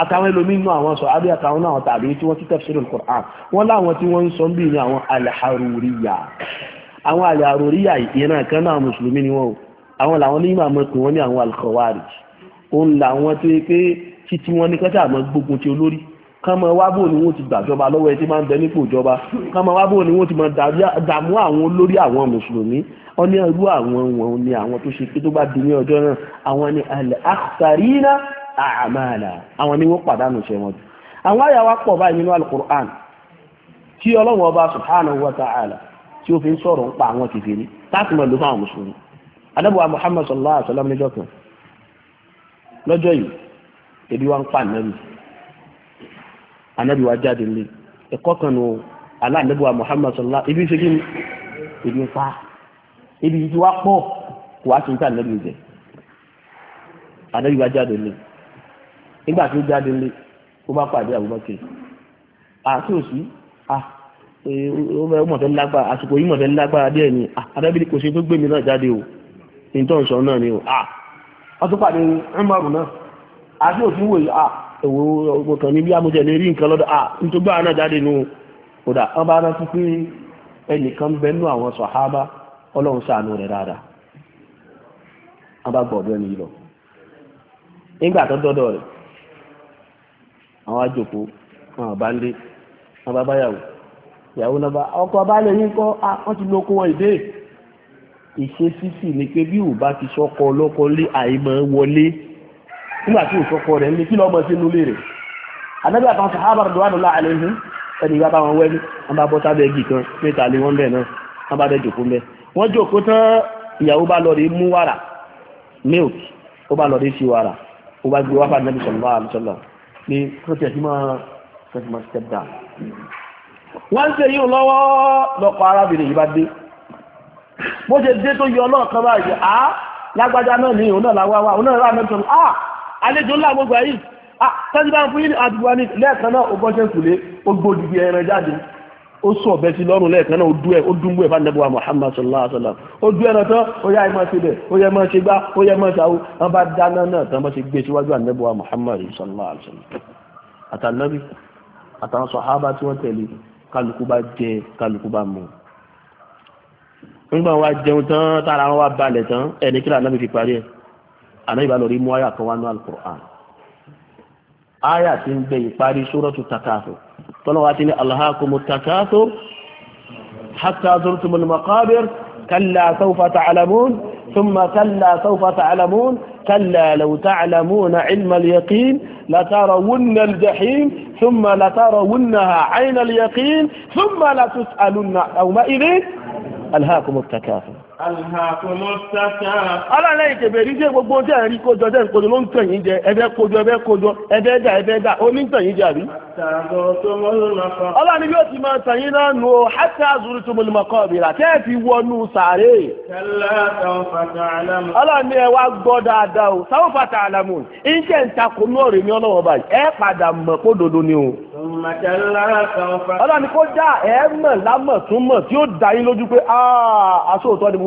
àtàwọn ẹlòmínú àwọn sọ abẹ́ àtàwọn náà tàbí tí wọ́n ti tafsirul Qur'an wọ́n láwọn tí wọ́n ń sọ bí ní àwọn al-Haruriyya àwọn al-Haruriyya ìran kan náà mùsùlùmí ni wọ́n o àwọn làwọn ní ìmọ̀ pé wọ́n olórí kọ́mọ wá ni wọ́n ti gbàjọba lọ́wọ́ ẹ tí máa ń bẹ nípò ìjọba kọ́mọ wá ni wọ́n ti máa dàmú àwọn olórí àwọn mùsùlùmí wọ́n ní irú àwọn wọn ni àwọn tó ṣe pé tó bá di ní ọjọ́ náà àwọn ni al-akhsarina a'mala àwọn ni wọ́n pàdánù ṣe wọn jù àwọn àyà wa pọ̀ báyìí nínú al tí ọlọ́run ọba subhanahu wa ta'ala tí ó fi ń sọ̀rọ̀ ń pa àwọn kìfìrí láti mọ̀ ló fáwọn mùsùlùmí adábọ̀wá muhammad sallallahu alaihi wa sallam níjọ́ kan lọ́jọ́ yìí ebi wa ń pa ànábì ànábì wa jáde lé ẹ̀kọ́ kan nù aláàbẹ̀wá muhammad sallallahu ibi ṣe kí ni ebi ń pa ebi títí wá pọ̀ kò wá ṣèǹtà lẹ́nu ìjẹ́ àdéhùn wá jáde lé nígbà tó jáde lé ó bá pàdé àbúbọ̀kẹ́ àti òsì à ó mọ̀tẹ́ lágbára àsìkò yìí mọ̀tẹ́ lágbára díẹ̀ ni àdábìlì kò ṣe tó gbé mi náà jáde o nítorí sọ náà ni o à wọ́n tún pàdé ẹ̀mọ́rùn náà àti òsì wòye à èwo ọgbọ̀n kan ní bí amújẹ lè rí nǹkan lọ́dọ̀ à nítorí gbára náà jáde nu kódà wọ́n bá rántí pé ẹnìkan bẹ́ẹ̀ nú àwọn sàhábà ọlọ́run ṣàánú rẹ̀ dáadáa wọ́n bá gbọ́ ọ̀dọ́ ẹni yìí lọ nígbà tó dọ́dọ̀ rẹ̀ àwọn àjòkó àwọn àbálé wọn bá báyàwó ìyàwó náà bá ọkọ abálé yín kọ́ ah, wọ́n ti lóko wọn ìdè ìṣesísì ni pé bí ò bá ti sọ́kọ ọlọ́kọ lé àìmọ̀ wọlé nígbà tí ò sọ́kọ rẹ̀ ní kí lọ́mọ sínú lè rẹ̀ anábíà kan sàhábà rọ̀dọ̀wádọ̀lá àlẹ́hìn ẹni ìgbà bá wọn wẹ́lú wọn bá bọ́ sábẹ́ igi kan mẹ́ta lé wọn bẹ́ẹ̀ náà wọn bá bẹ́ jòkó mẹ́ẹ̀ wọ́n jókòó tán ìyàwó bá lọ rí mú wàrà milk ó bá lọ rí sí wàrà ó bá gbé wá fún anabi sọlọ àmì sọlọ ní protest máa protest máa step down. wọ́n ń ṣe yíò lọ́wọ́ lọ́kọ̀ arábìnrin yìí bá dé bó ṣe dé tó yọ ọlọ́ọ̀kan báyìí á lágbájá náà ní òun náà láwá wa òun náà rà mẹ́tọ́ á àlejò ńlá gbogbo ayé á tẹ́jú bá ń fún yín àdúgbò ní lẹ́ẹ̀kan náà ó bọ́ ṣe ń kùlé ó gbòdìgbì ẹran jáde ó sọ ọ̀bẹ sí lọ́rùn lẹ́ẹ̀kan náà ó dú ẹ̀ ó dúnbú ẹ̀ bá nẹ́bù wa Muhammad sallallahu alaihi wa sallam ó dú ẹ̀rọ tán ó yá ẹ̀mọ́ ṣe bẹ̀ ó yẹ ẹ̀mọ́ ṣe gbá ó yẹ ẹ̀mọ́ ṣàwó wọn bá dáná náà tán bá ṣe gbé síwájú ànẹ́bù wa Muhammad sallallahu alaihi wa sallam àtànàbì àtàwọn sọ̀hábà tí wọ́n tẹ̀lé kálukú bá jẹ الله ألهاكم التكاثر حتى زرتم المقابر كلا سوف تعلمون ثم كلا سوف تعلمون كلا لو تعلمون علم اليقين لترون الجحيم ثم لترونها عين اليقين ثم لتسألن يومئذ ألهاكم التكاثر ọlọ́lẹ́ ìkẹ̀bẹ̀ rí jẹ́ gbogbo jẹ́ ẹ̀rí kójọ jẹ́ ìkójọ ló ń tàn yín jẹ ẹbẹ́ kójọ ẹbẹ́ kójọ ẹbẹ́ dà ẹbẹ́ dà ó ní tàn yín jẹ àrí. ọlọ́ni yóò ti máa tàn yín náà nù ó hátà zuru tó mọlùmọ́ kọ́ mi rà tẹ́ẹ̀ fi wọnú sàárè. ọlọ́ni ẹ wá gbọ́ dáadáa o sáwọn fata àlámù ìjẹ́ ìtakò náà rèmi ọlọ́wọ́ báyìí ẹ padà mọ̀ kó dodo ni o. ọlọ́ni kó dá ẹ mọ̀ lámọ̀ tún mọ̀ tí ó dá yín lójú pé aṣọ òótọ́ ni mo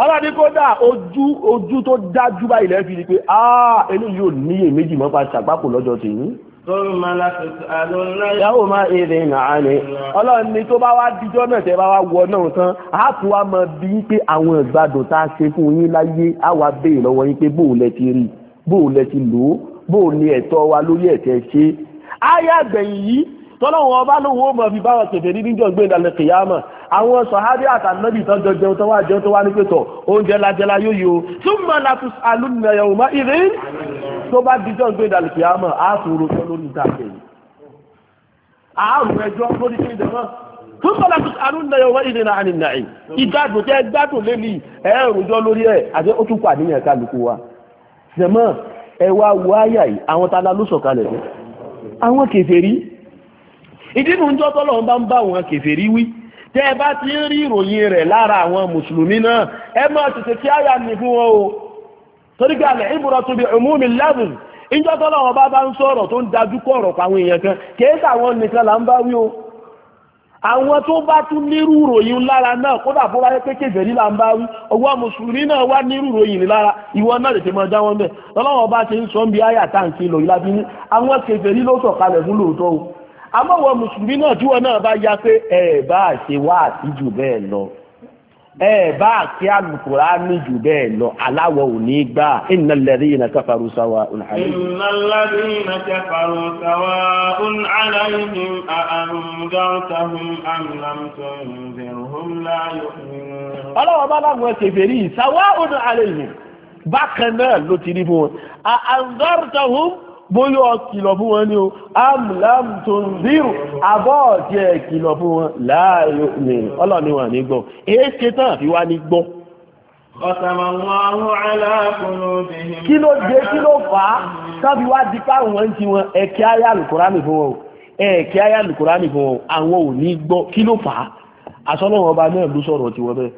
Ọlọ́dí kó dà ojú ojú tó dájú bá ilẹ̀ fi ni pé, "Ah, eléyìí ò níyè méjì mọ́ pa ṣàgbákò lọ́jọ́ tèmi." Yàwó máa èrè nàá ni. Ọlọ́run ni tó bá wá díjọ́ náà tẹ́ bá wá wọ náà tán, a tún wá mọ bí pé àwọn ìgbádùn tá láyé, a wá béèrè lọ́wọ́ yín pé tọ́lọ́wọ́n ọba lóhun ó mọ̀ fi báwọn tẹ̀fẹ̀ ní níjọ́ gbé ìdàlẹ̀ kìyàmọ̀ àwọn sọ̀hábí àtàlẹ́bì tán jọ jẹun tó wá jẹun tó wá ní pẹ̀tọ̀ oúnjẹ lajẹla yóò yóò túmọ̀ láti alúmọ̀yàwó má ìrí tó bá díjọ́ gbé ìdàlẹ̀ kìyàmọ̀ àáfòrò tó lórí ìtàkì àárùn ẹjọ́ lórí kí túnbọ̀ láti àrùnà yọ̀wọ́ ìrìnà àrìnàì ìgbádùn jẹ́ gbádùn lé ní ẹ̀rùjọ́ lórí ẹ̀ àti ó tún pàdéyàn ẹwà wáyà àwọn tala ló àwọn kèfèrí idinu ń jọ́tọ́ lọ́n bá ń bá wọn kèfèrí wí tẹ́ ẹ bá ti ń rí ìròyìn rẹ̀ lára àwọn mùsùlùmí náà ẹ máa tètè kí àyà ní fún wọn o torí ìbúra tó bí bá bá ń sọ̀rọ̀ tó ń dájú kọ́ pàwọn èèyàn kan nìkan là ń bá wí o àwọn tó bá tún nírú ìròyìn lára náà bó pé là ń bá wí mùsùlùmí náà wá nírú ìròyìn lára ìwọ náà lè sọ ń bi áyà amọ́wọ́ mùsùlùmí náà tí wọ́n náà bá ya pé ẹ bá ṣe wá àtijù bẹ́ẹ̀ lọ ẹ bá kí alukura ní jù bẹ́ẹ̀ lọ aláwọ̀ ò ní gbà innal ladhina kafaru sawa'un 'alayhim. innal ladhina kafaru sawa'un 'alayhim a anzartahum am lam tunzirhum la yu'minun. ọlọ́wọ́ bá láwọn ẹsẹ̀ fèrè sawa'un 'alayhim bákan náà ló ti rí fún wọn a bóyá ọkìlọ̀ fún wọn ní o amlam tó ń bírù abọ́ ọ̀jẹ́ ìkìlọ̀ fún wọn láàyò ní ọlọ́ni wà ní gbọ́ èé ṣe tán àfi wá ní gbọ́. kí ló dé kí ló fà á tábí wá di káwọn wọn ti àwọn ò ní kí ló fà á àsọlọ́wọ́n ọba náà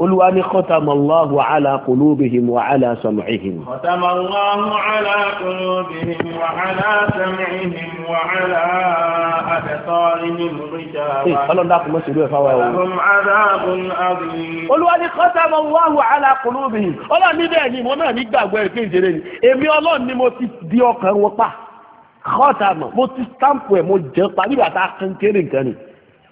olúwa ní khatamallahu ala qulubihim wa ala sam'ihim. khatamallahu ala qulubihim wa ala sam'ihim wa ala absarihim rijaba. ọlọ́run dákun mọ́ sílú ẹ̀ fáwọn ẹ̀wọ̀n. lahum adhabun adhim. olúwa ní khatamallahu ala qulubihim ọlọ́run ní bẹ́ẹ̀ ni mo náà ní gbàgbọ́ ẹ̀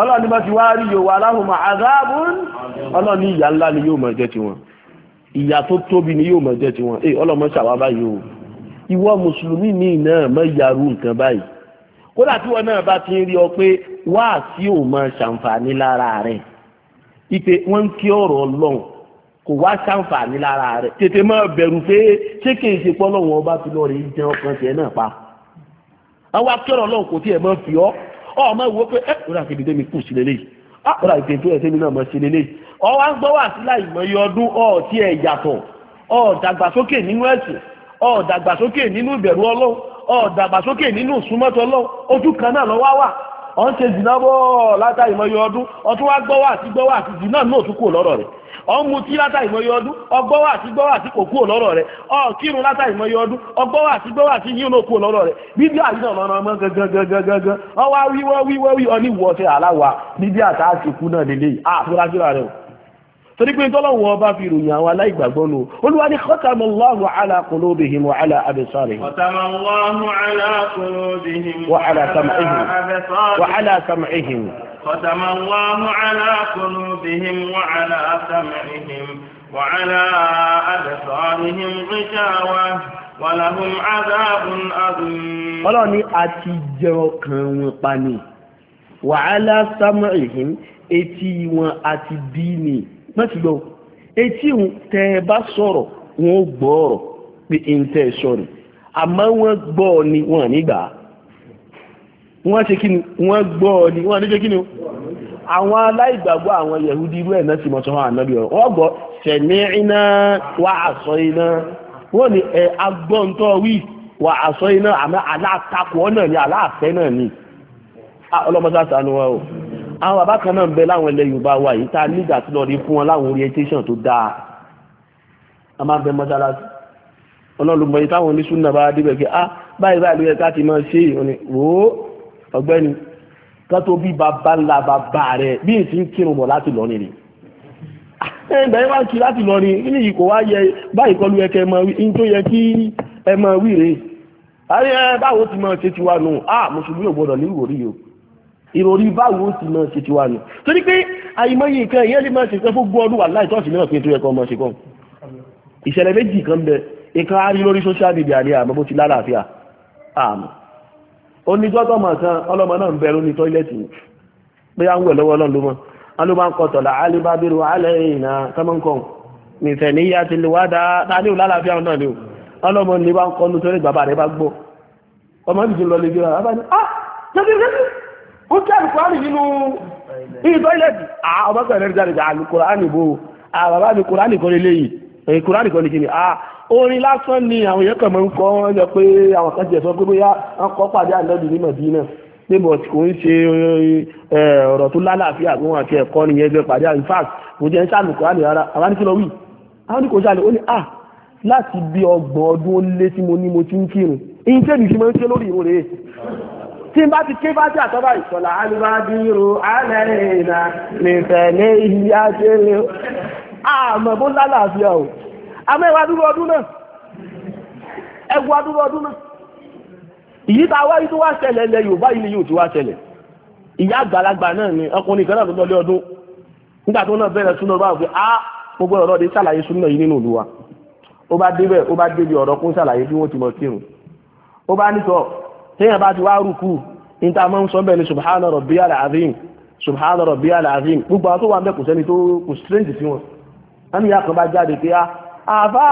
ọlọ́ni bá ti wá rí yóò wà láhùn àdáàbùn ọlọ́ni ìyà ńlá ni yóò máa jẹ́ ti wọn ìyà tó tóbi ni yóò máa jẹ́ ti wọn ẹ ọlọ́mọ ṣàwá báyìí o ìwọ mùsùlùmí ní náà mọ ìyàrú nǹkan báyìí kódà tí wọn náà bá ti ń rí ọ pé wá sí ò máa ṣàǹfààní lára rẹ ipe wọn ń kí ọ̀rọ̀ Ọlọ́run kò wá ṣàǹfààní lára rẹ tètè máa bẹ̀rù pé ṣé kì í ṣe pọ́ lọ́wọ́ ọba tí lọ́ọ́ rí jẹun tiẹ̀ náà pa àwọn akẹ́rọ̀ Ọlọ́run kò tiẹ̀ máa fi ọ́ ọmọ ìwò pé ẹ kúrò àti ìdílé mi kù sí lélẹ́yìí ah, àkúrò àti ìdílé ẹ̀sẹ̀ mi náà mọ̀ sí lélẹ́yìí ọwọ́ ń gbọ́ wà sí láì mọ̀ iye ọdún ọ̀ọ́tí ẹ̀ yàtọ̀ ọ̀ọ́dàgbàsókè nínú ẹ̀sìn ọ̀ọ́dàgbàsókè nínú ìbẹ̀rù ọlọ́run ọ̀ọ́dàgbàsókè nínú ìsúnmọ́tọ̀ ọlọ́run ojú kan náà lọ́wọ́ wà ọ̀n ṣe jìnnà bọ́ látàrí mọ̀ iye ọdún ọ̀tún wá gbọ́ wà sí gbọ́ wà sí jìnnà náà tún kù lọ́rọ̀ rẹ̀ ọmú tí látà ìmọye ọdún ọgbọ́wà àti gbọ́wà àti kò kúrò lọ́rọ̀ rẹ̀ ọkírun látà ìmọye ọdún ọgbọ́wà àti gbọ́wà àti yíò náà kúrò lọ́rọ̀ rẹ̀ bíbí àyínà lọ́nà ọmọ gangan ọwá wíwọ́ wíwọ́ wí ọ ní ìwọ́sẹ̀ aláwà bíbí àtàkùn náà lélẹ́yìí àfúrájúra rẹ̀ o torí pé tọ́lọ́wọ́ ọba fi ròyìn àwọn aláìgbàgbọ́ nù olúwa ní khatama Allahu ala qulubihim wa ala absarihim khatama Allahu ala qulubihim wa ala sam'ihim wa ala sam'ihim khatama Allahu ala qulubihim wa ala sam'ihim wa wọn pa ni wa ala sam'ihim etí wọn àti dí ni láti lọ etí tẹ ẹ bá sọ̀rọ̀ wọn ó gbọ́ ọ̀rọ̀ pé n tẹ ẹ sọ̀rọ̀ àmọ́ ọ ni wọn nígbà wọn ṣe kíni wọ́n gbọ́ ọ ni wọn ní ṣe kíni o àwọn aláìgbàgbọ́ àwọn yẹ̀húdí irú ẹ̀ náà ti mọ̀ sọ fún ànábì ọ̀rọ̀ wọ́n gbọ́ sẹ̀mí iná wà àṣọ iná wọ́n ní ẹ̀ agbọ́ntọ́ wí wà àṣọ iná àmọ́ aláàtakọ̀ náà ni aláàfẹ́ náà ni ọlọ́mọdé àtàánú wọn o. àwọn bàbá kan náà ń bẹ láwọn ilẹ̀ Yorùbá wa yìí tá a nígbà tí lọ rí fún wọn láwọn orientation tó dáa a máa ń bẹ mọ́sálásí ọlọ́run mọ̀ yìí táwọn oníṣúná bá débẹ̀ pé ah báyìí báyìí ló yẹ ká ti máa ṣe ìrìn wò ó ọ̀gbẹ́ni kan tó bí bàbá ńlá bàbá rẹ̀ bí èsì ń kírun bọ̀ láti lọ nìyí ah, ẹgbẹ́ wá kí láti lọ ní ilé yìí kò wá yẹ báyìí kọlu ẹkẹ mọ in tó yẹ kí ẹ mọ wíre ìròrí báwo ti máa ṣe ti wà nù torí pé àìmọye nǹkan ìyẹn lè máa ṣe kan fógún ọdún wà láì tọ́sí mẹ́wàá pé tó yẹ kan máa ṣe kan ìṣẹ̀lẹ̀ méjì kan bẹ nǹkan á rí lórí social media ní àmọ́ bó ti lálàáfíà àmọ́ oníjọ́tọ̀ mọ̀ kan ọlọ́mọ náà ń bẹ lórí tọ́ílẹ̀tì pé à ń wẹ̀ lọ́wọ́ ọlọ́run ló mọ́ a ló máa ń kọtọ̀ là alibabiru alẹ́yìnà kọ́mọ́nkọ́n nìfẹ̀ níyà ti lè wá dáa ta ní ò lálàáfíà náà ni ò ọlọ́mọ ni bá ń kọ́ nítorí bàbá rẹ̀ bá gbọ́ ọmọ ìdíje lọ lè gbéra bàbá ni ah ó kí àlùkùránì nínú ìtọ́ ilẹ̀ bí ọmọkùnrin rẹ̀ jáde jà àlùkùránì bò àbàbá mi kùránì kan lélẹ́yìí èyí kùránì kan ní kíni orin lásán ni àwọn èèyàn kan máa ń kọ́ wọ́n jọ pé àwọn kan jẹ́ sọ pé bóyá wọ́n kọ́ pàdé ànábì ní Mọ̀dínà níbo kò ń ṣe ọ̀rọ̀ tó lálàáfíà fún àti ẹ̀kọ́ nìyẹn gbé pàdé in fact kò jẹ́ ń ṣàlù kùránì rárá àwọn ní kí lọ wí àwọn ní kò ṣàlù ó ní à láti bí ọgbọ̀n ọdún ó lé tí mo ní mo ti ń kírun ìyíntẹ́bì fi máa ń ṣe lórí ìrun rèé tí bá ti ké bá jẹ́ àtọ́bà ìṣọ̀lá alìbádìírò alẹ́rìnà nìfẹ̀lẹ́ ìyí ajẹ́lẹ́ àmọ̀ bó lálàáfíà o àmọ́ ẹwà dúró ọdún náà ẹgbù adúró ọdún náà ìyí ta wáyé tó wá ṣẹlẹ̀ lẹ Yorùbá yìí ni yóò ti wá ṣẹlẹ̀ ìyá àgbàlagbà náà ni ọkùnrin kan náà tó lọ́lé ọdún nígbà tó náà bẹ̀rẹ̀ súnà báwọn pé a mo gbọ́dọ̀ lọ́ọ́ de ṣàlàyé súnà yìí nínú ìlú wa ó bá débẹ̀ ó bá débi ọ̀rọ̀ kún ṣàlàyé bí wọ́n ti mọ̀ kírun ó bá nítọ́ téèyàn bá ti wá rúkú níta máa ń sọ bẹ́ẹ̀ ni subhana rabbiyal azim subhana rabbiyal azim gbogbo àwọn tó wà mẹ́kù sẹ́ni tó kù strange sí wọn wọ́n ní ìyá kan bá jáde pé ah, àbá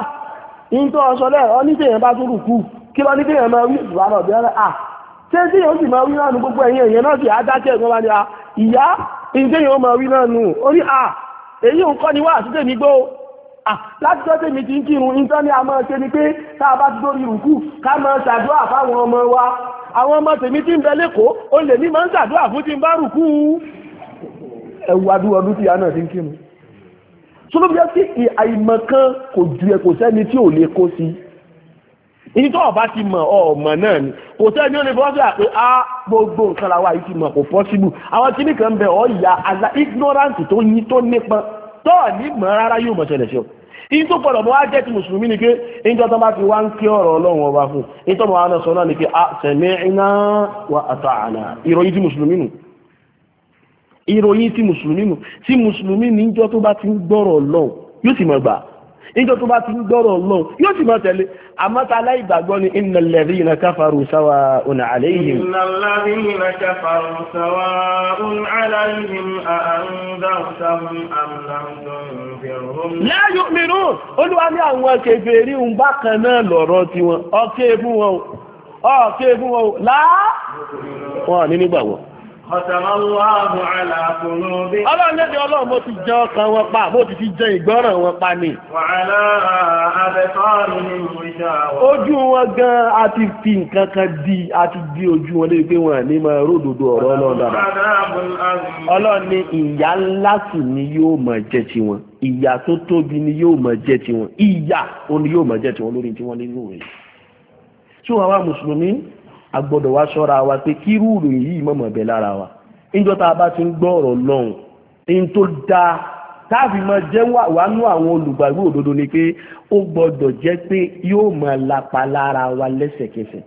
nítorí ọ̀sọ̀ lẹ́ẹ̀ ọ ní téèyàn bá tún rúkú kí lọ ní téèyàn máa wí subhana rabbiyal à ah, ṣé tí yóò sì máa wí náà nu gbogbo ẹ̀yìn èèyàn náà sì á dákẹ́ ẹ̀gbọ́n bá ní a ah, ìyá ìdí yóò máa wí náà nu ó láti tọ́ tèmi ti ń kírun ìtọ́ ni a máa ṣe ni pé tá a bá ti rùkú ká máa ṣàdúrà fáwọn ọmọ wa àwọn ọmọ tèmi tí ń bẹ lẹ́kọ̀ọ́ o lè ní máa ń ṣàdúrà fún ti ń bá rùkú ẹwù adúọdún tí àná ti ń kírun tó ló bí jẹ́ sí àìmọ̀ kò ju ẹ kò sẹ́ni tí ò lè kó sí ìyí tó ọba ti mọ̀ ọmọ náà ni kò sẹ́ni ó lè fọwọ́ sí àpé á gbogbo nǹkan làwọn àyè mọ̀ kò possible àwọn kíní kan bẹ ọ̀ ìyá àlà ignorant tó yí tó nípa tó ní mọ̀ rárá yóò mọ̀ ṣẹlẹ̀ sí ọ yìí bọ́ ti mùsùlùmí ni pé tó bá ti wá ń kí ọ̀rọ̀ ọlọ́run ọba fún níjọ́ bọ̀ wọn sọ náà ni pé a sami'na wa ata'na ìròyìn ti mùsùlùmí nù ìròyìn ti mùsùlùmí nù tí mùsùlùmí tó bá ti ń gbọ́rọ̀ ọlọ́run yóò mọ̀ gbà tó bá ti ń gbọ́rọ̀ ọlọ́run yóò tẹ̀lé ni عليهم أأنذرتهم أم لم تنذرهم لا يؤمنون Olúwa ní àwọn kèfèrí ń bákan náà lọ̀rọ̀ tiwọn ọ̀kẹ́ fún wọn ọ̀kẹ́ fún Ọlọ́run lẹ́bí ọlọ́run mo ti jẹ ọkàn wọn pa, mo ti fi jẹ ìgbọ́ràn wọn pa ni. Ojú wọn gan a ti fi nǹkan kan di, a ti di ojú wọn lè pé wọn ní máa ródòdó ọ̀rọ̀ ọlọ́run dára. Ọlọ́run ní ni yóò máa jẹ ti wọn, ìyà tó tóbi ni yóò máa jẹ ti wọn, ìyà òun ni yóò máa jẹ ti wọn lórí tí wọ́n ní a gbọ́dọ̀ wá ṣọ́ra wa pé kí rúurú yìí mọ̀mọ̀ bẹ̀ lára wa níjọ́ bá ti ń gbọ́ ọ̀rọ̀ lọ́hùn tó dáa táàfin máa jẹ́ wàánú àwọn olùgbàgbọ́ òdodo ni pé ó gbọ́dọ̀ jẹ́ pé yóò máa lapa lára wa lẹ́sẹ̀kẹsẹ̀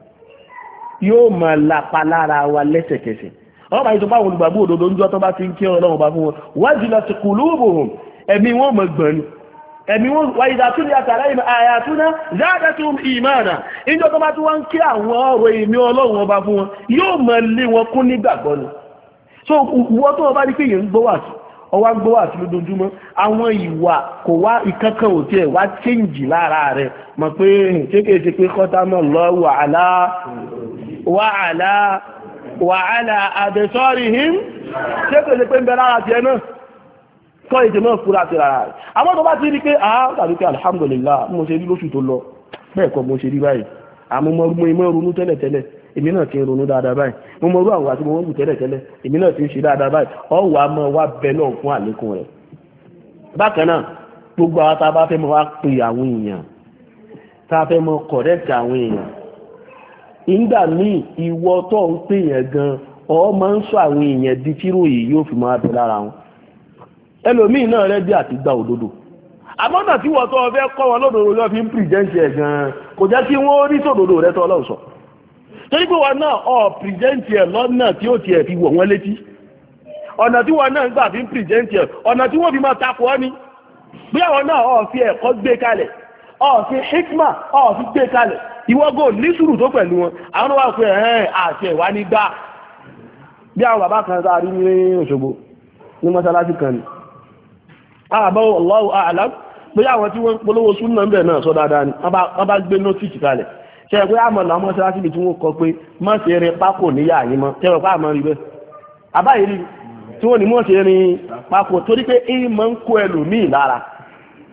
yóò máa lapa lára wa lẹ́sẹ̀kẹsẹ̀ ọ̀rọ̀ bá yìí tó bá àwọn olùgbàgbọ́ òdodo níjọ́ tó bá ti ń kí ọ̀rọ̀ lọ́hùn bá fún wọn wájú lọ sí kùlùbùhùn ẹ̀mí wọn mọ̀ gbọ̀n ni ẹ̀mí wọn wà ìdàtún ní àtàrà àyàtúná záàdẹ́tún ìmáàdà ìjọ tó bá tí wọ́n ń kí àwọn ọ̀rọ̀ ìmí ọlọ́run ọba fún wọn yóò mọ̀ lé wọn kún nígbàgbọ́ ni so wọ́n tó bá ní pé yìí ọwá ń lójoojúmọ́ àwọn ìwà kò kọ́ èdè mọ́ fúra sí rárá rẹ̀ àwọn tó bá ti rí pé àá ah, tàbí pé alhamdulillah mo ṣe rí lóṣù tó lọ bẹ́ẹ̀ kọ́ mo ṣe rí báyìí àmọ́ mo mọ́ ronú tẹ́lẹ̀tẹ́lẹ̀ èmi náà ti ń ronú dáadáa báyìí mo mọ orú àwọn àti mo wọ́n kù tẹ́lẹ̀tẹ́lẹ̀ èmi náà ti ń ṣe dáadáa báyìí ọ̀wọ́ a mọ̀ wá bẹ náà fún àlékún rẹ̀ bákan náà gbogbo àwọn tá a bá fẹ́ mọ wá pè àwọn èèyàn tá a fẹ́ mọ kọ̀rẹ́ẹ̀tì àwọn èèyàn ìgbà míì ìwọ tó ń pè yẹn gan ọ máa ń sọ àwọn èèyàn di tíró yìí yóò fi máa bẹ lára wọn ẹlòmíì náà rẹ bí àti gba òdodo àmọ́nà tí wọ́n tó ọ fẹ́ kọ́ wọn lódodo lọ́ọ́ fi ń pìrìjẹ́ǹtì ẹ̀ gan-an kò jẹ́ kí wọ́n rí sòdodo rẹ tọ́ ọlọ́run sọ torí pé wọn náà ọ pìrìjẹ́ǹtì ẹ̀ lọ́nà tí ó tiẹ̀ fi wọ̀ wọ́n létí ọ̀nà tí wọn náà gbà fi ń pìrìjẹ́ǹtì ẹ̀ ọ̀nà tí wọ́n fi máa takò ọ́ ni bí àwọn náà ọ fi ẹ̀kọ́ gbé kalẹ̀ ọ fi hikma ọ fi gbé kalẹ̀ ìwọ́gò ní sùúrù tó pẹ̀lú wọn àwọn wà pé ẹ̀hẹ́n àti ẹ̀wà ní àbáwọ̀ Allahu a'lam pé àwọn tí wọ́n polówó súnà bẹ̀ náà sọ dáadáa ni wọ́n bá gbé nọ́tìsì kalẹ̀ ṣe pé àmọ́ làwọn mọ́ṣáláṣí ibi tí wọ́n kọ pé má ṣe rin pákó níyà yín mọ́ tẹ́wọ̀ pé àmọ́ rí bẹ́ẹ̀ àbáyé rí tí wọ́n ní mọ́ ṣe rin pákó torí pé èyí máa ń kó ẹlòmíì lára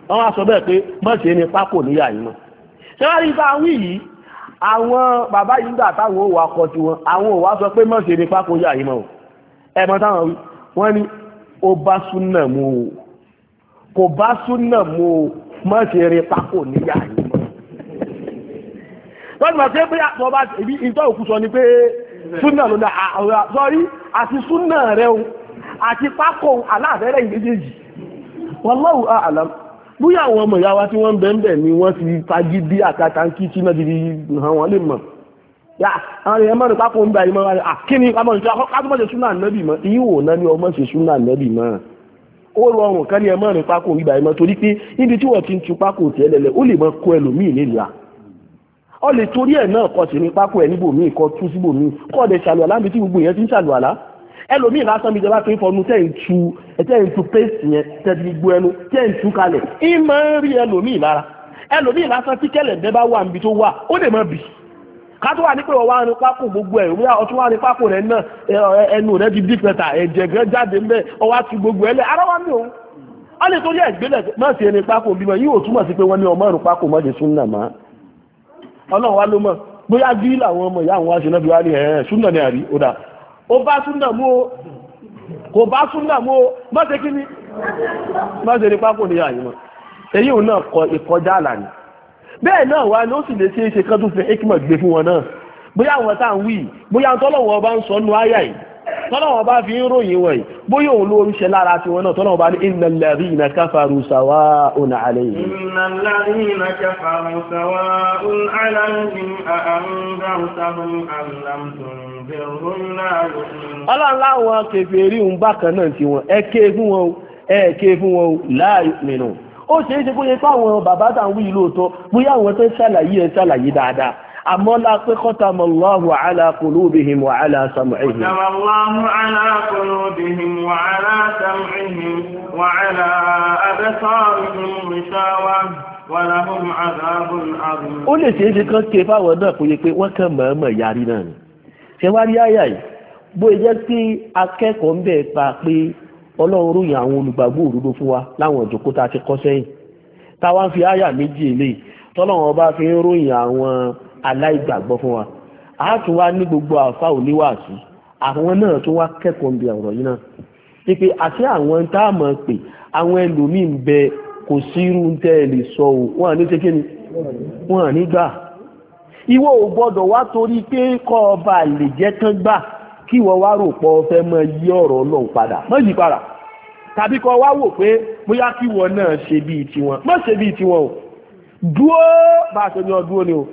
wọ́n á sọ bẹ́ẹ̀ pé má ṣe rin pákó níyà yín mọ́ ṣé wàá rí bá wí yìí àwọn bàbá yìí gbà táwọn òwò akọ ti wọn àwọn òwò sọ pé má ṣe rin pákó yà yín mọ́ ẹ̀ mọ́ táwọn wí wọ́n ní ó bá súnà mu kò bá súnà mu o má ṣe rin pákó níyà yìí mọ́. wọ́n ti mọ̀ pé bí wọ́n ibi ìtọ́ òkú sọ ni pé súnà ló dá àwọn sọ́rí àti súnà rẹ o àti pákó aláàfẹ́rẹ́ ìgbésẹ̀jì wallahu a'lam bóyá àwọn ọmọ ìyá wa tí wọ́n ń bẹ̀ ń bẹ̀ ni wọ́n ti fagídí àkàtà ń kí tí náà dìbí hàn wọ́n lè mọ̀ yà àwọn èèyàn mọ́rin pápọ̀ ń bá ìmọ̀ mọ́ ìyíwò náà ni ọmọ ṣe súnà nẹ́bì mọ́ ó rọrùn ká ní ẹ mọ́rin pákó ìgbà ẹ̀mọ́ torí pé níbi tí wọ́n ti ń tu pákó tiẹ̀ lẹ̀lẹ̀ ó lè mọ kó ẹlòmíì nílùú ọ lè torí ẹ̀ náà kọ́ sí ní pákó ẹ̀ níbòmíì kọ́ tú síbòmíì kọ́ ọ̀dẹ̀ ṣàlùwàlá níbi tí gbogbo yẹn ti ń ṣàlùwàlá ẹlòmíì lásán bíi jọba tó ń fọnu tẹ́ ń tu tẹ́ ń tu paste yẹn tẹ́bi gbó ẹnu tẹ́ ń tu kalẹ̀ ìmọ̀ ń rí ẹlòmíì lára ẹlòmíì lásán tí kẹlẹ̀ bẹ́ẹ̀ bá wà níbi tó wà ó lè mọ bì kátó wà ní pé ọwọ́ arin gbogbo ẹ̀ òmíyà ọtún na ní pákó rẹ̀ náà ẹnu rẹ̀ ti dípẹ́ta ẹ̀jẹ̀ gan jáde ọwọ́ ti gbogbo ẹ̀ lẹ̀ ara wa mi ò a lè torí ẹ̀gbẹ́lẹ̀ náà ti ẹni pákó bímọ yìí ò túmọ̀ sí pé wọ́n ní ọmọ má ọlọ́run wa ló mọ̀ bóyá làwọn ọmọ ìyá àwọn aṣọ náà fi wá ní ẹ̀ẹ́ ní bẹ́ẹ̀ náà wá ni ó sì lè ṣe é ṣe kán tún fi hikima gbé fún wọn náà bóyá àwọn tá à ń wí bóyá tọ́lọ́wọ́ bá ń sọ nù áyà yìí tọ́lọ́wọ́ bá fi ń ròyìn wọ̀nyí bóyá òun ló ń ṣe lára tiwọn náà tọ́lọ́wọ́ bá ní innal ladhina kafaru sawa'un alayhim. innal ladhina kafaru sawa'un alayhim a anzartahum am lam tunzirhum la yu'minun. ọlọ́run láwọn kèfèrí ń bákan náà tiwọn ẹ ké la yu'minun ó ṣeé ṣe bóyá fáwọn bàbá tà ń wí ìlú òótọ́ bóyá àwọn tó ń ṣàlàyé ẹ̀ ṣàlàyé dáadáa àmọ́ lápé khatama Allahu ala qulubihim wa ala sam'ihim. Khatama Allahu ala qulubihim wa ala sam'ihim wa ala absarihim ghishawa wa lahum adhabun ó lè ṣeé ṣe kán ké fáwọn náà kó yẹ pé wọ́n kàn mọ̀ọ́mọ̀ yarí náà ni. wá rí àyà yìí bó jẹ́ pé akẹ́kọ̀ọ́ ń bẹ̀ pa pé ọlọ́run ròyìn àwọn olùgbàgbọ́ òdodo fún wa láwọn ìjókòó tá a ti kọ́ sẹ́yìn fi àyà méjì eléyìí tọ́lọ́run ọba fi ń ròyìn àwọn aláìgbàgbọ́ fún wa a tún ní gbogbo àfa àwọn náà tún wá kẹ́kọ̀ọ́ ọ̀rọ̀ yìí àti àwọn tá a mọ̀ pé àwọn ẹlòmíì ń bẹ kò sí o wọn ní ṣe kí ní gbà ìwọ ò gbọdọ̀ wá torí pé kọ́ ọba jẹ́ tán gbà kí wá tàbí kọ wá wò pé bóyá kí wọn náà ṣe bíi tiwọn má ṣe bíi tiwọn o dúó bá a ṣe ní ọdún ni o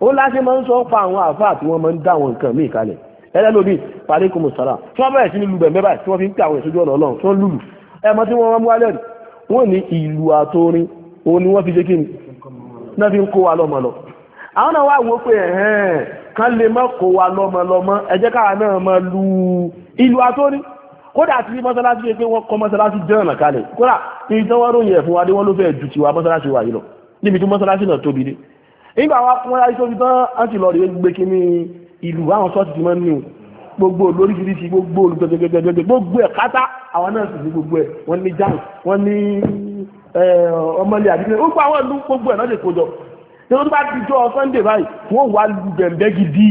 ó láṣẹ máa ń sọ pa àwọn àáfàá tí wọ́n máa ń dá àwọn nǹkan míì kalẹ̀ ẹlẹ́lómi paríkùmù sára tí wọ́n bẹ̀rẹ̀ sí ní lubẹ̀ mẹ́bàá tí wọ́n fi ń pè àwọn ìṣojú ọ̀nà ọlọ́run tí wọ́n lùlù ẹmọ tí wọ́n wá mú wálẹ̀ wọ́n ní ìlú àtorin òun ni wọ́n fi ṣe kíni náà fi ń kó wa lọ́mọ lọ àwọn náà wá wò pé ẹ̀hẹ́n kan lè má kó wa lọ́mọ lọ́mọ ẹ káwa náà máa lu ìlú àtorin kódà tí mọ́sálásí pé wọ́n kọ́ mọ́sálásí dẹ́rànà kalẹ̀ kódà ní ìdánwò ròyìn ẹ̀fún wa dé wọ́n ló fẹ́ ju tiwa mọ́sálásí wà yìí lọ níbi tí mọ́sálásí náà tóbi dé nígbà wa kún wáyé tóbi tán á ti lọ rí gbé kí ní ìlú àwọn sọ́ọ̀tì ti máa ń ní gbogbo lóríṣiríṣi gbogbo olùgbẹgbẹgbẹgbẹ gbogbo ẹ̀ kátá àwọn náà sì ní gbogbo ẹ̀ wọ́n ní jam wọ́n ní ọmọlẹ àdìgbẹ gbogbo àwọn ìlú gbogbo ẹ̀ náà lè kójọ tí wọ́n bá ti jọ Sunday báyìí wọ́n wà lù bẹ̀m̀bẹ́ gidi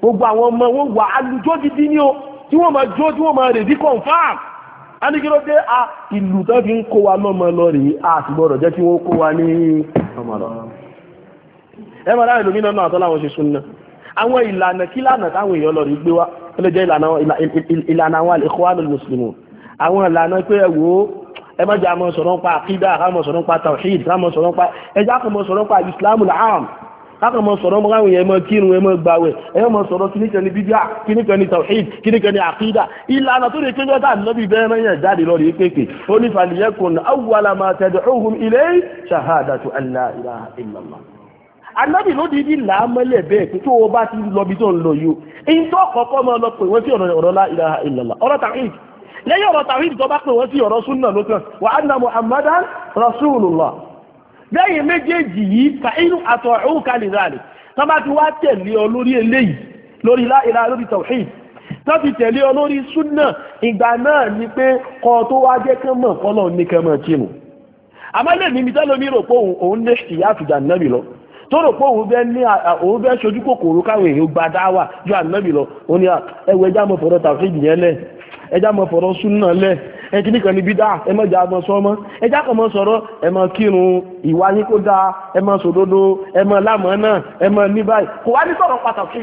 gbogbo àwọn ọmọ wọ́n wà alùjọ́ gidi ní o tí wọ́n máa jó tí wọ́n máa rèdí confam a ní kí ló dé a ìlú tó fi ń kó wa lọ́mọ lọ rèé a sì gbọ́dọ̀ jẹ́ kí wọ́n kó wa ní ọmọ lọ ẹ máa ráyè lómìnà náà àtọ́ láwọn ṣe súnná àwọn ìlànà kí lànà táwọn èèyàn lọ rí gbé wa ó lè jẹ́ ìlànà àwọn al-Ikhwanul Muslimun àwọn ìlànà pé ẹ wò ó ẹ má jẹ́ àmọ́ sọ̀rọ̀ ń pa àkídà àmọ́ sọ̀rọ̀ pa tawhid àmọ́ sọ̀rọ̀ pa ẹjẹ́ àkọ́mọ́ sọ̀rọ̀ pa Islamul aam kákan mọ sọ̀rọ̀ mọ́ káwọn yẹn mọ kírun ẹ mọ gbàwẹ̀ ẹ mọ sọ̀rọ̀ kíníkan ní bídíà kíníkan ní tawhid kíníkan ní àkídà ìlànà tó lè ké jọ́ta lọ́bí bẹ́ẹ̀ náà yẹn jáde lọ́rọ̀ yìí pépè ó ní fàlìyẹ́kùn awwala ma tad'uhum ilay shahadatu an la ilaha illallah anábì ló di ní làámọ́lẹ̀ bẹ́ẹ̀ pé o bá ti lọ tó ń lọ yìí o èyí tó kọ́kọ́ máa lọ pé wọ́n sí ọ̀rọ̀ ọ̀rọ̀ láìláha ìlàlá ọ̀rọ̀ tàwíìd lẹ́yìn ọ̀rọ̀ tàwíìd tó bá pè wọ́n sí ọ̀rọ̀ súnà ló kàn wà á lẹ́yìn méjèèjì yìí fa inú àtọ̀ òun kalẹ̀ rẹ̀ tó bá ti wá tẹ̀lé ọ lórí eléyìí lórí láìlá lórí tawhid tó ti tẹ̀lé ọ lórí súnà ìgbà náà ni pé kọ tó wá jẹ́ kán mọ̀ kọ́lọ̀ ní kán mọ̀ tìrù àmọ́ lè ní mítọ́ lómi rò pé òun lè ṣì yá àtùjà nábì lọ tó rò pé òun bẹ́ ṣojú kòkòrò káwọn èèyàn gba ju ànábì lọ òun ni ẹwẹ́ jámọ̀ fọ̀rọ̀ tawhid yẹn lẹ́ẹ̀ ẹjá mọ fọ̀rọ̀ súnà lẹ̀ ẹ ní bídà ẹ mọ mọ sọmọ ẹjá kàn mọ sọ̀rọ̀ mọ kírun ìwà yín kó dáa náà ẹmọ kò wá ní sọ̀rọ̀ pàtàkì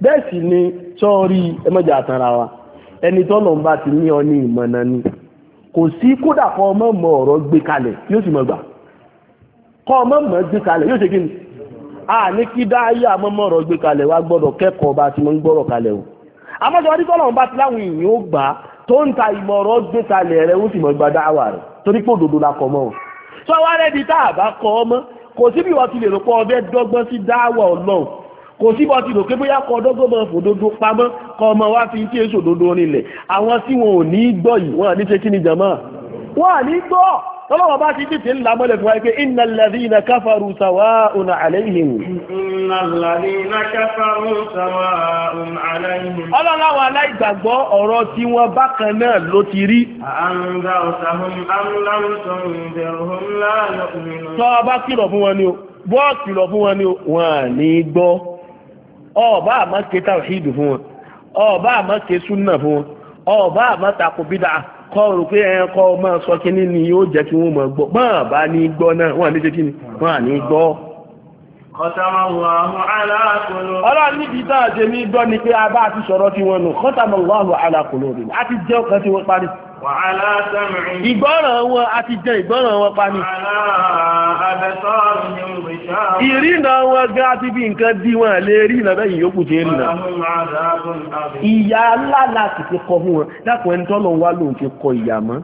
bẹ́ẹ̀ ni sọ́ọ̀rí wa ẹni bá ti ní ọ ní ni kò sí kódà kọ́ ọmọ mọ ọ̀rọ̀ gbé kalẹ̀ a ní kí ọ̀rọ̀ gbé kalẹ̀ gbọ́dọ̀ kẹ́kọ̀ọ́ bá ti o amọ́jọ́ rí tọ́lọ́run bá ti láwọn èèyàn ó gbà tó ń ta ìmọ̀ràn gbé kalẹ̀ rẹ̀ ó sì mọ̀ gba dáwà rẹ̀ torí pé òdodo la kọ́ mọ́ o sọ wá rẹ̀ di tá a bá kọ́ ọ mọ́ kò sí bí wọ́n ti lè rò pé ọbẹ̀ dọ́gbọ́n sí dáwà ọlọ́run kò sí bọ́ ti rò pé bóyá kọ ọdọ́gbọ́n mọ́ fòdodo pamọ́ kọ ọmọ wa fi kí èso òdodo nílẹ̀ àwọn tí wọn ò ní gbọ́ yìí wọn à ní ṣe kí ni jàmọ́ wọn à ní gbọ́ tọ́lọ́wọ́ bá ti dìtì ńlá mọ́lẹ̀ fún wa pé innal ladhina kafaru sawa'un 'alayhim. innal ladhina kafaru sawa'un 'alayhim. ọlọ́láwọ̀ aláìgbàgbọ́ ọ̀rọ̀ tí wọ́n bákan náà ló ti rí. àǹdà ọ̀sàhùn amúlámùsùn ìbẹ̀rùn láàrín ọkùnrin. tọ́ ọba àmọ́ ké tàwíìdù fún wọn ọba àmọ́ ké súnà fún wọn ọba àmọ́ takò bídà kọ́ rò pé ẹ̀kọ́ ọmọ sọ kíní ni yóò jẹ́ kí wọ́n mọ̀ gbọ́ bọ́n bá ní gbọ́ náà wọ́n ní ṣe kíní wọ́n à ní gbọ́. ọlọ́run níbi tá a ṣe ní gbọ́ ni pé a bá ti sọ̀rọ̀ tí wọ́n nù kọ́tàmọ́láhùn alákòlóòrè àti jẹ́ ọkàn tí Ìgbọ́ràn wọn a ti jẹ ìgbọ́ràn wọn pa ni. Ìrìnà wọn gá ti bí nǹkan dí wọn lè rìnà bẹ́yìn yóò kù tí ó rìnà. Ìyà aláàlá ti fi kọ fún wọn, dákùn ẹni tọ́lọ wá lóun ti kọ ìyà mọ́.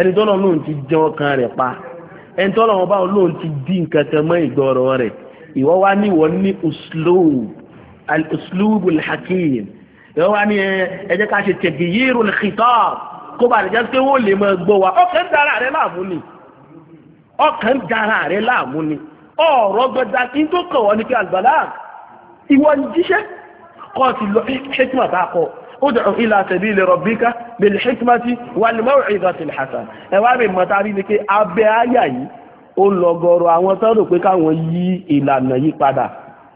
Ẹni tọ́lọ lóun ti jẹ ọkàn rẹ̀ pa. Ẹni tọ́lọ wọn bá lóun ti dí nǹkan kan mọ́ ìgbọ́rọ̀ rẹ̀. Ìwọ wá ní ìwọ ní uslub, al-uslubul wá ní ẹ ká ṣe tẹ̀gìyírul khitab kó bá lè jẹ́ pé wọ́n lè mọ gbọ́ wa ọkàn ń dara rẹ láàmú ni ọkàn ń dara rẹ láàmú ni ọ̀rọ̀ gbọ́dá kí n tó kàn wọ́n ní pé àgbàlá ìwọ ni jíṣẹ́ kọ́ ti lọ eh, hikma bá kọ́ ó dẹ̀ ila sabili rabbika bil hikmati wal maw'izati al hasana ẹ̀wá mi mọ̀ tá a rí ni pé abẹ́ àyà yìí ó lọ gọ̀ọ̀rọ̀ àwọn tó rò pé káwọn yí ìlànà yí padà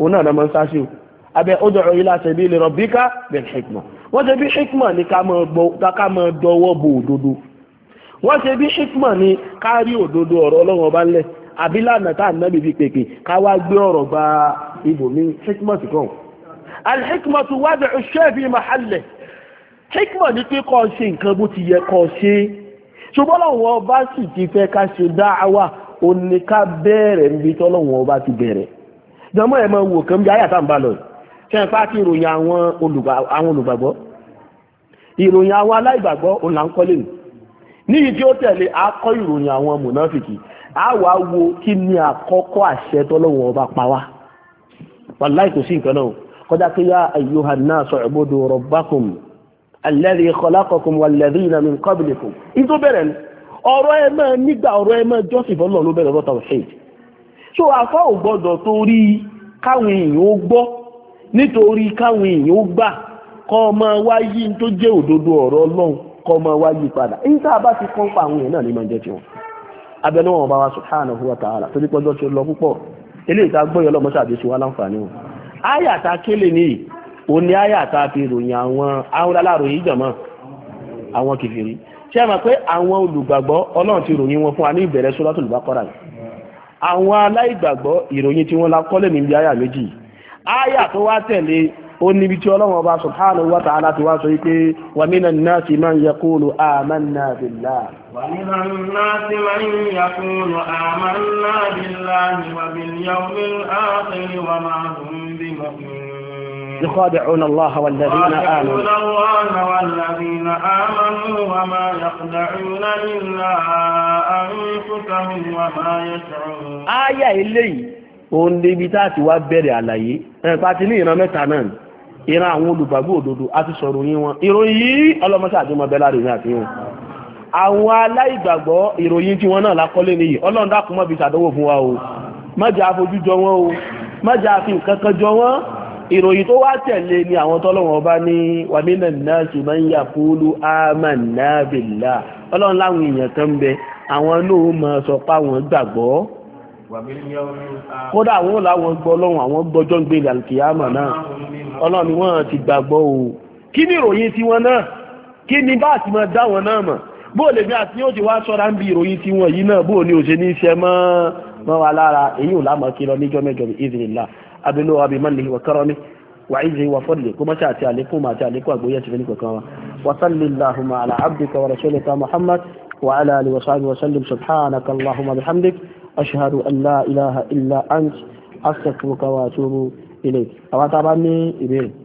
òun náà lọ́mọ sáṣẹ́ o abẹ́ ud'u ila sabili rabbika bil hikma wọ́n ṣe bí hikma ní ká máa dọwọ́ bo òdodo wọ́n ṣe bí hikma ní ká rí òdodo ọ̀rọ̀ ọlọ́run ọba ńlẹ̀ àbí lánàá tá à ń nábì fi pèpè ká wá gbé ọ̀rọ̀ gba ibòmí hikma ti kàn. al-hikmatu wad'u ash-shay fi mahallihi hikma ní pé kọ́ ṣe nǹkan bó ti yẹ kọ́ ṣe ṣùgbọ́n lọ́wọ́ ọba sì ti fẹ́ ká ṣe da'awa òní ká bẹ̀rẹ̀ níbi tọ́lọ́wọ́ ọba kẹfà ti ìròyìn àwọn olùgbàgbọ́ ìròyìn àwọn aláìgbàgbọ́ òun là ń kọ́ lẹ́nu níyìí tí ó tẹ̀lé akọ́ ìròyìn àwọn mùnáfìkì a wàá wo kí ni àkọ́kọ́ àṣẹ tọ́lọ́wọ́ ọba pa wá wàláì kò sí nǹkan náà kọjá pé yá ayyuhan nasu ubudu rabbakum alladhi khalaqakum walladhina min qablikum ní tó bẹ̀rẹ̀ ni ọ̀rọ̀ ẹ máa nígbà ọ̀rọ̀ ẹ máa jọ́sìn fọ́lọ́ ló bẹ̀rẹ̀ lọ́tọ̀ ṣe so àfọ́ ò gbọ́dọ̀ torí káwọn èèyàn ó gbọ́ nítorí káwọn èèyàn ó gbà kọ́ ọmọ wa yí tó jẹ́ òdodo ọ̀rọ̀ ọlọ́run kọ́ ọmọ wa padà èyí bá ti kọ́ pa àwọn èèyàn náà ní máa jẹ́ tiwọn abẹnú wọn bá wa subhanahu wa torí ti lọ púpọ̀ eléyìí tá a gbọ́ yọ lọ́mọ sáà láǹfààní wọn. àyà ni àyà tá fi ròyìn àwọn aláròyìn àwọn kìfìrí mọ̀ pé áyà tó wá tẹ̀lé ó níbi tí ọlọ́run ọba subhanahu wa ta'ala ti wá sọ wípé wa minan nasi man yaqulu amanna billah. ومن الناس من يقول آمنا بالله وباليوم الآخر وما هم بمؤمنين يخادعون الله والذين آمنوا الله والذين آمنوا وما يخدعون إلا أنفسهم وما يشعرون آية إليه òun débi tá a ti wá bẹ̀rẹ̀ àlàyé ẹ̀pá ti ní ìran mẹ́ta náà ìran àwọn olùgbàgbọ́ òdodo a ti sọ̀rọ̀ yín wọn ìròyìn yìí ọlọ́mọṣẹ́ àdúmọ̀ bẹ́lá rẹ̀ ní àfihàn àwọn aláìgbàgbọ́ ìròyìn tí wọ́n náà lákọ́lé nìyí ọlọ́run dákun mọ́ fi ṣàdánwò fún wa o má afojú jọ wọ́n o má àfi nǹkan jọ wọ́n ìròyìn tó wá tẹ̀lé ni àwọn tọ́lọ́wọ́n ọba ní wàmínà náà sì máa ń yà fúlú amanna billah ọlọ́run láwọn èèyàn kan ń bẹ àwọn náà máa sọ pé àwọn gbàgbọ́ kódà àwọn làwọn gbọ́ lọ́wọ́ àwọn gbọ́jọ́ ń gbé ìdàlùkìyàmọ̀ náà ọlọ́run ni wọ́n ti gbàgbọ́ o kí ni ìròyìn tiwọn náà kí ni bá àti máa dá wọn náà mọ̀ bó lè bí àti yóò ti wá sọ́ra ń bi ìròyìn tiwọn yìí náà bó ni ò ṣe ní í ṣe mọ́ mọ́ wa lára èyí ò lámọ̀ kí lọ níjọ́ mẹ́jọ ní ìdìrìlá abilu abimani wa karami wa izi wa fadli kuma sha ti alaikum ma ti alaikum wa wa sallallahu ala abdika wa rasulika muhammad wa ala alihi wa sahbihi wa أشهد أن لا إله إلا أنت أستغفرك وأتوب إليك أو تبني إبيه